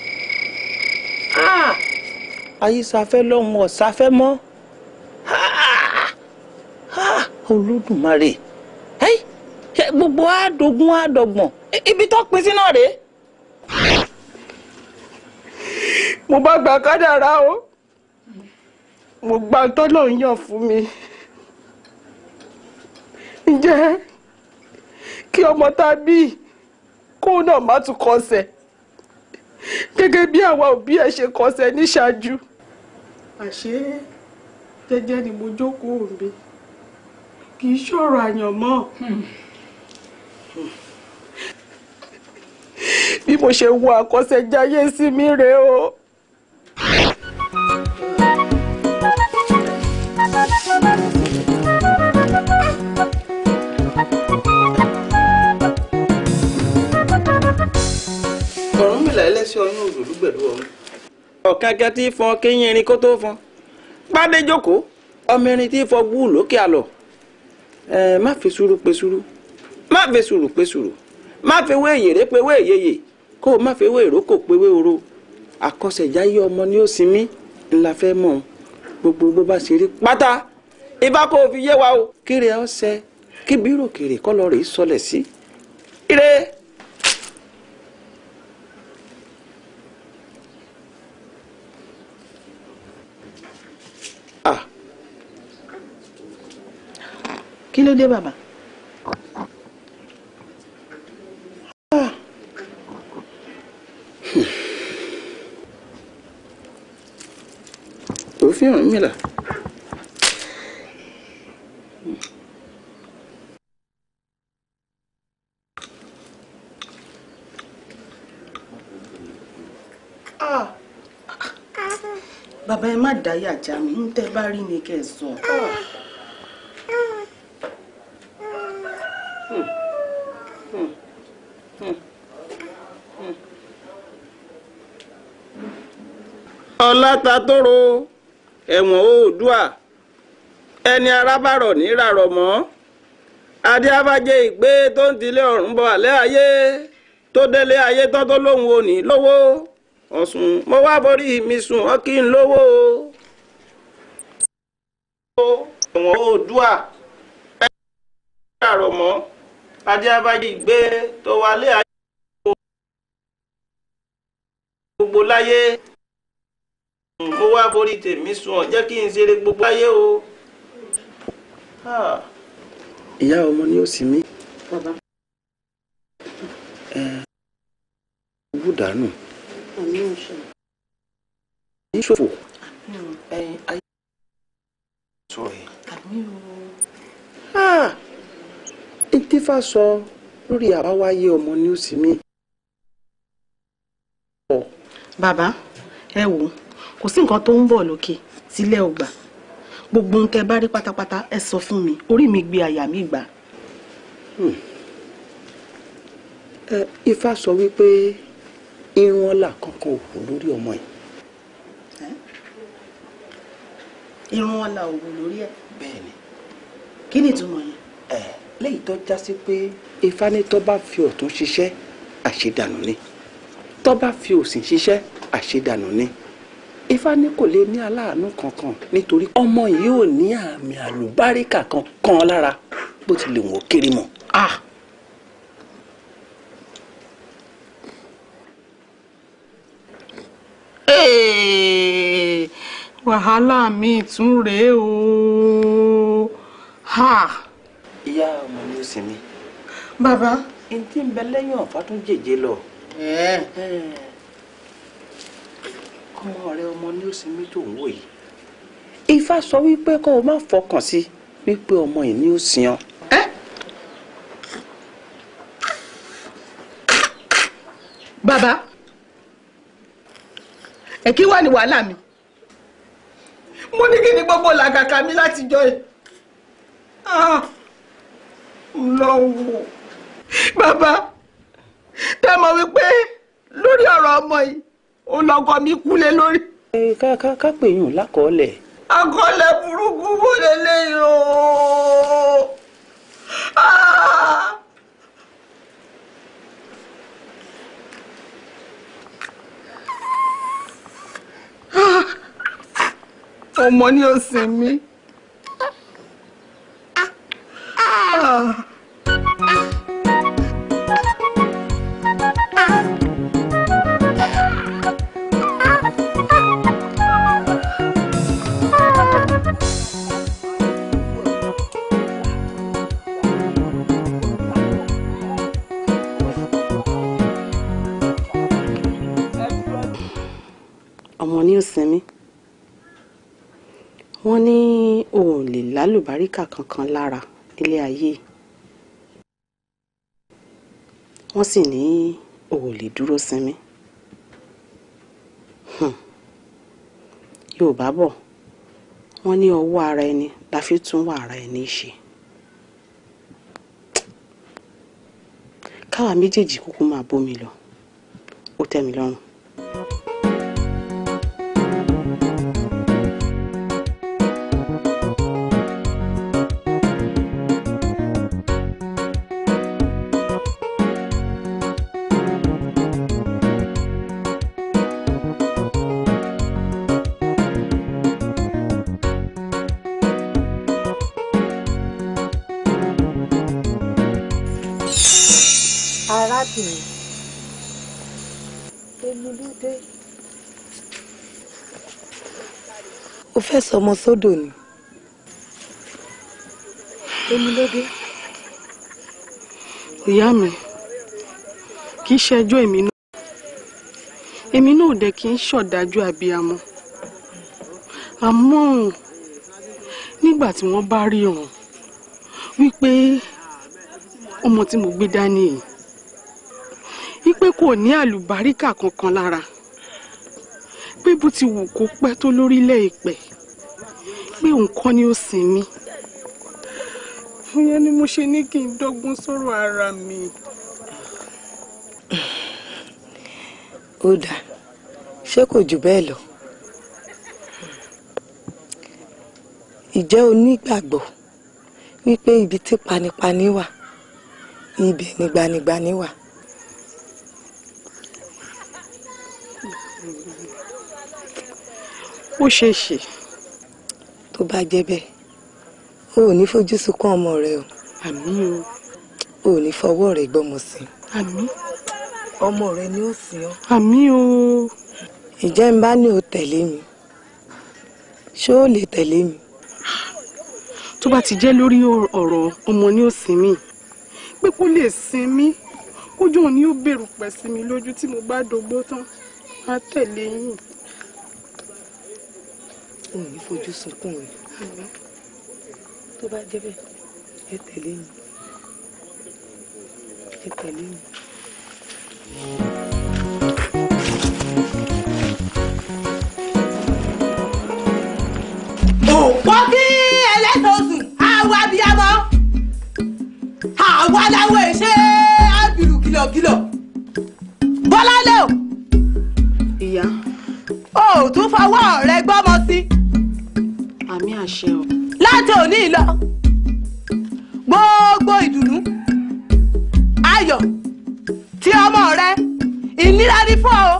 Ah! ayísafẹ́ lọ́hùn ọ̀sáfẹ́ mọ́ ah! Ah! olódùmarè gbogbo àdógún àdọ́gbọ̀n ibi tó pin sí náà rèé. mo bá gba kádàrá o mo gba tọ́lọ̀ ń yàn fún mi ǹjẹ́ kí ọmọ tá a bí kóun náà má tún kọsẹ̀ gẹ́gẹ́ bí àwa òbí ẹ̀ ṣe kọsẹ̀ níṣáájú. àṣé jẹ́jẹ́ ni mo jókòó mi kì í ṣọ̀rọ̀ àyàn mọ́. bí mo ṣe wo àkọsẹ̀jáyé sí mi rèé o. Thank you. olúgbẹ̀dú ọ̀run. ọ̀kẹ́kẹ́ tí fọn kéyìnrín kó tó fọn pàdé jókòó ọmọ irin tí fọ gbú lókè àlọ́ ẹ má fi sùúrù pe sùúrù má fi sùúrù pe sùúrù má fi wé èyèrè pe wé èyèyè kó o má fi wé ìrókò pe wé oró àkọsẹ̀jáyé ọmọ ni ó sinmi ńlá fẹ́ mọ̀ gbogbo bó bá ṣe rí pátá ibà kó o fi yé wa o kéré ọ̀sẹ̀ kíbi rò kéré kọ́ lọ rèé sọlẹ̀ sí ire. kí ló dé bàbá. Ah. òfin ọ̀hún mi là. Ah. bàbá ẹ má dáyà já mi ń tẹ́ bá rí ni kẹ́ ẹ sọ. Ah. ọlátatóró ẹ̀wọ̀n oòdùà ẹni arábàrọ̀ ní ràrọ̀ mọ́ adé abájẹ́ ìgbé tó ń tilé ọ̀run bọ̀ àlẹ́ ayé tó délé ayé tán òní lówó ọ̀sùn mo wá sùn ọ́ kí lówó o ẹ̀wọ̀n oòdùà ẹni ràrọ̀ mọ́ adé abájẹ́ ìgbé tó wà mo wá borí tèmi sùn ọ jẹ́ kí n ṣeré gbogbo ayé o. ìyá ọmọ ni ó sì mí. owó dànù. ìṣòfò. ìtífà sọ lórí àbáwáyé ọmọ ni ó sì mí. bàbá ẹ wò ó kò sí nǹkan tó ń bọ̀ lókè tílẹ̀ ò gbà gbogbo ohun tẹ bá rí pátápátá ẹ sọ fún mi orí mi gbé àyà mi gbà. Hmm. ifá sọ wípé irun ọlà kankan ò wù lórí ọmọ yìí. irun ọlà ò wù lórí ẹ. bẹ́ẹ̀ni. kí ni ìtumọ̀ yẹn. ẹ lẹ́yìn tó já sí pé ifá ní tó bá fi ọ̀tún ṣiṣẹ́ àṣedànù ni tó bá fi òsì ṣiṣẹ́ àṣedànù ni ifá ní kò lè ní aláàánú kankan nítorí ọmọ yìí ò ní àmì àlùbáríkà kan kan lára bó ti lè wọ́n kéré mọ́. ah wàhálà mi tún rèé o ha. ìyá ọmọ mi ò sinmi. bàbá. n tí ń bẹ lẹ́yìn ọ̀fà tún jèjé lọ. ẹ̀ẹ́ ọmọ rẹ ọmọ ní òsì méjì òun wò yìí ifá sọ wípé kó o má fọkàn sí wípé ọmọ yìí ní òsì yan. bàbá ẹ kí wà ní wàhálà mi mo ní kí ni gbogbo làkàkà mi láti jọ ẹ ah, lọ́wọ́ bàbá tá a mọ̀ wípé lórí ọ̀rọ̀ ọmọ yìí ó lọ́kọ mi kúlé lórí. ká pè yín ò lákọọ́lẹ̀. akọọlẹ̀ burúkú wo lélẹ́yìn o. Ah! ọmọ ni ó mi. Ah. ah! sinmi wọ́n ní o ò lè lálùbáríkà kankan lára nílé ayé wọ́n sì ní o ò lè dúró sinmi hmm. Yorùbá bọ̀ wọ́n ní ọwọ́ ara ẹni la fi tún wà ara ẹni ṣe káwa méjèèjì kúkú máa bómi lọ ó tẹ́ mi lọ́rùn. fẹ́ sọmọ sódò ni. èmi ló dé. ìyá mi kì í ṣẹjọ́ èmi náà èmi náà dẹ̀ kì í ṣọ̀dájú àbíamọ àmọ́ nígbà tí wọ́n bá rí ọ̀hún wípé ọmọ tí mo gbé dání yìí wípé kò ní àlùbáríkà kankan lára pé bó ti wù kó pẹ́ tó lórílẹ̀ ìpẹ́ pé nǹkan ni ó sìn mí ìyẹn ni mo ṣe ní kí n dọ́gbọ́n sọ̀rọ̀ ara mi. ó dà ṣé kò jù bẹ́ẹ̀ lọ. ìjẹ́ onígbàgbọ́ wípé ibi tí panipani wà ibẹ̀ ni wà. ó ṣeé ṣe tó bá jẹ́ bẹ́ẹ̀ o ò ní fojú sunkún ọmọ rẹ o. àmín o. o ò ní fọwọ́ rẹ gbọ́mọ sí. àmín. ọmọ rẹ ni ó sìn ọ́. àmín o. ìjẹ́ ń bá ní o tẹ̀lé mi ṣé o lè tẹ̀lé mi. tó bá ti jẹ́ lórí ọ̀rọ̀ ọmọ ni ó pé kó lè sin mí kójú ó bẹ̀rù pẹ̀ sí mi lójú tí mo bá dògbó tán á tẹ̀lé yín òun ní fojú sunkún rẹ̀ tó bá jẹ́ bẹ́ẹ̀ ẹ tẹ̀lé mi ẹ tẹ̀lé mi. mo kí ẹlẹ́sìn oṣù àwa abiyamọ àwa làwọn èṣe ábìlù kìlọ̀kìlọ̀ bọ́lá lẹ́wọ̀. ìyá o tún fọwọ́ rẹ gbọ́mọ ṣe o. láti òní lọ gbogbo ìdùnnú ayọ̀ tí ọmọ rẹ ìnira ní fún ọ.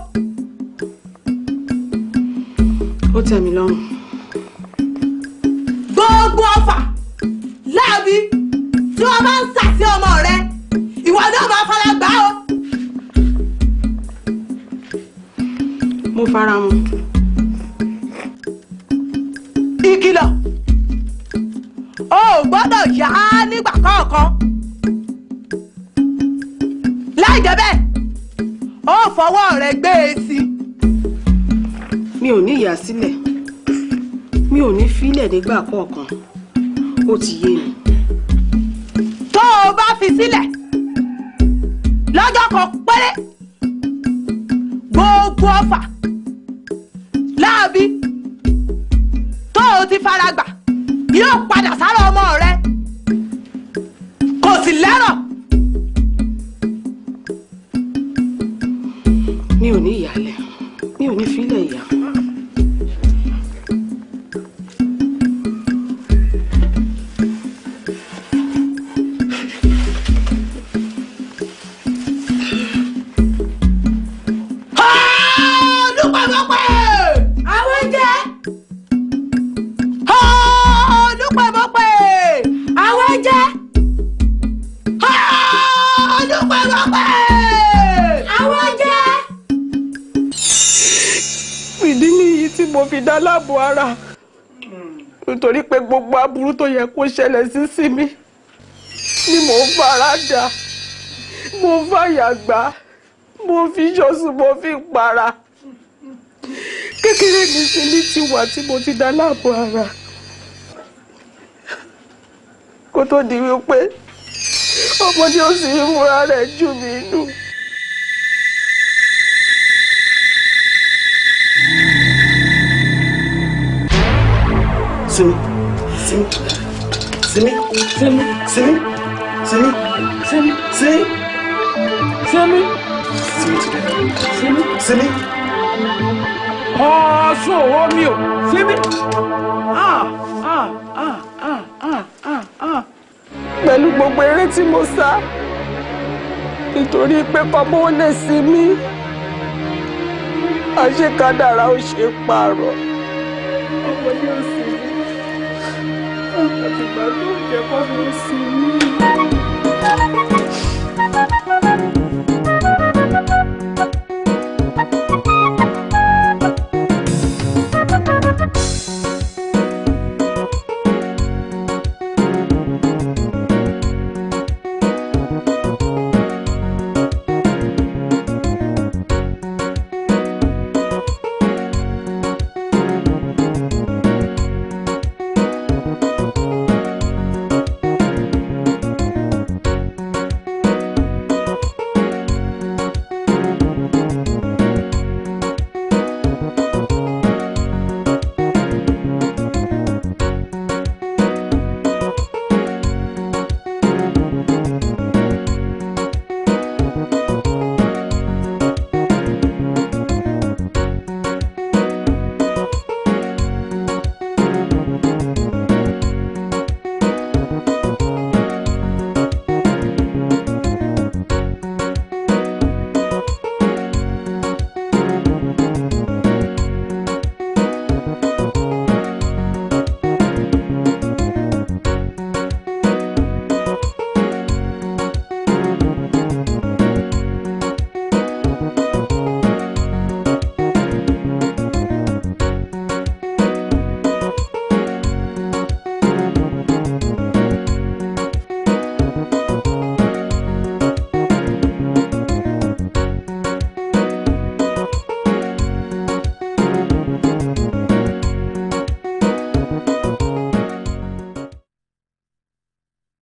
ó tẹ́ mi lọ́rùn. gbogbo ọfà láàbí tí wọ́n bá ń sà sí ọmọ rẹ ìwọ náà máa fara gbá o. mo fara mọ́. gbọ́dọ̀ yá nígbà kọ̀ọ̀kan láì jẹ́ bẹ́ẹ̀ ó fọwọ́ rẹ gbé e sí. mi ò ní ìyá sílẹ̀ mi ò ní fílẹ̀ nígbà kọ̀ọ̀kan ó ti yé mi. tó o bá fi sílẹ̀ lọ́jọ́ kan péré gbogbo ọfà láàbí tó o ti fara gbà yóò padà sáró. láàbò ara nítorí pé gbogbo aburú tó yẹ kó ṣẹlẹ̀ sí mi ni mò ń fara dà mo fàyà gbà mo fi ṣọ́sùn mo fi para kékeré mi ṣe ní tiwa tí mo ti dá láàbò ara kó tó di wípé ọmọdé ó sì ń múra rẹ̀ jù mí nù. Simi, Simi, Simi, Simi, Simi, Simi, Simi, Simi, Simi, Simi, Simi. Ọ̀ṣun ọ̀wọ́ mi o, Simi. Pẹ̀lú gbogbo eré tí mo sá, nítorí pé kọ́mọ́ ó lè sinmi, àṣekádàrá ó ṣe pààrọ̀. Ọmọ yóò sí. Happy é Papa Lucinha.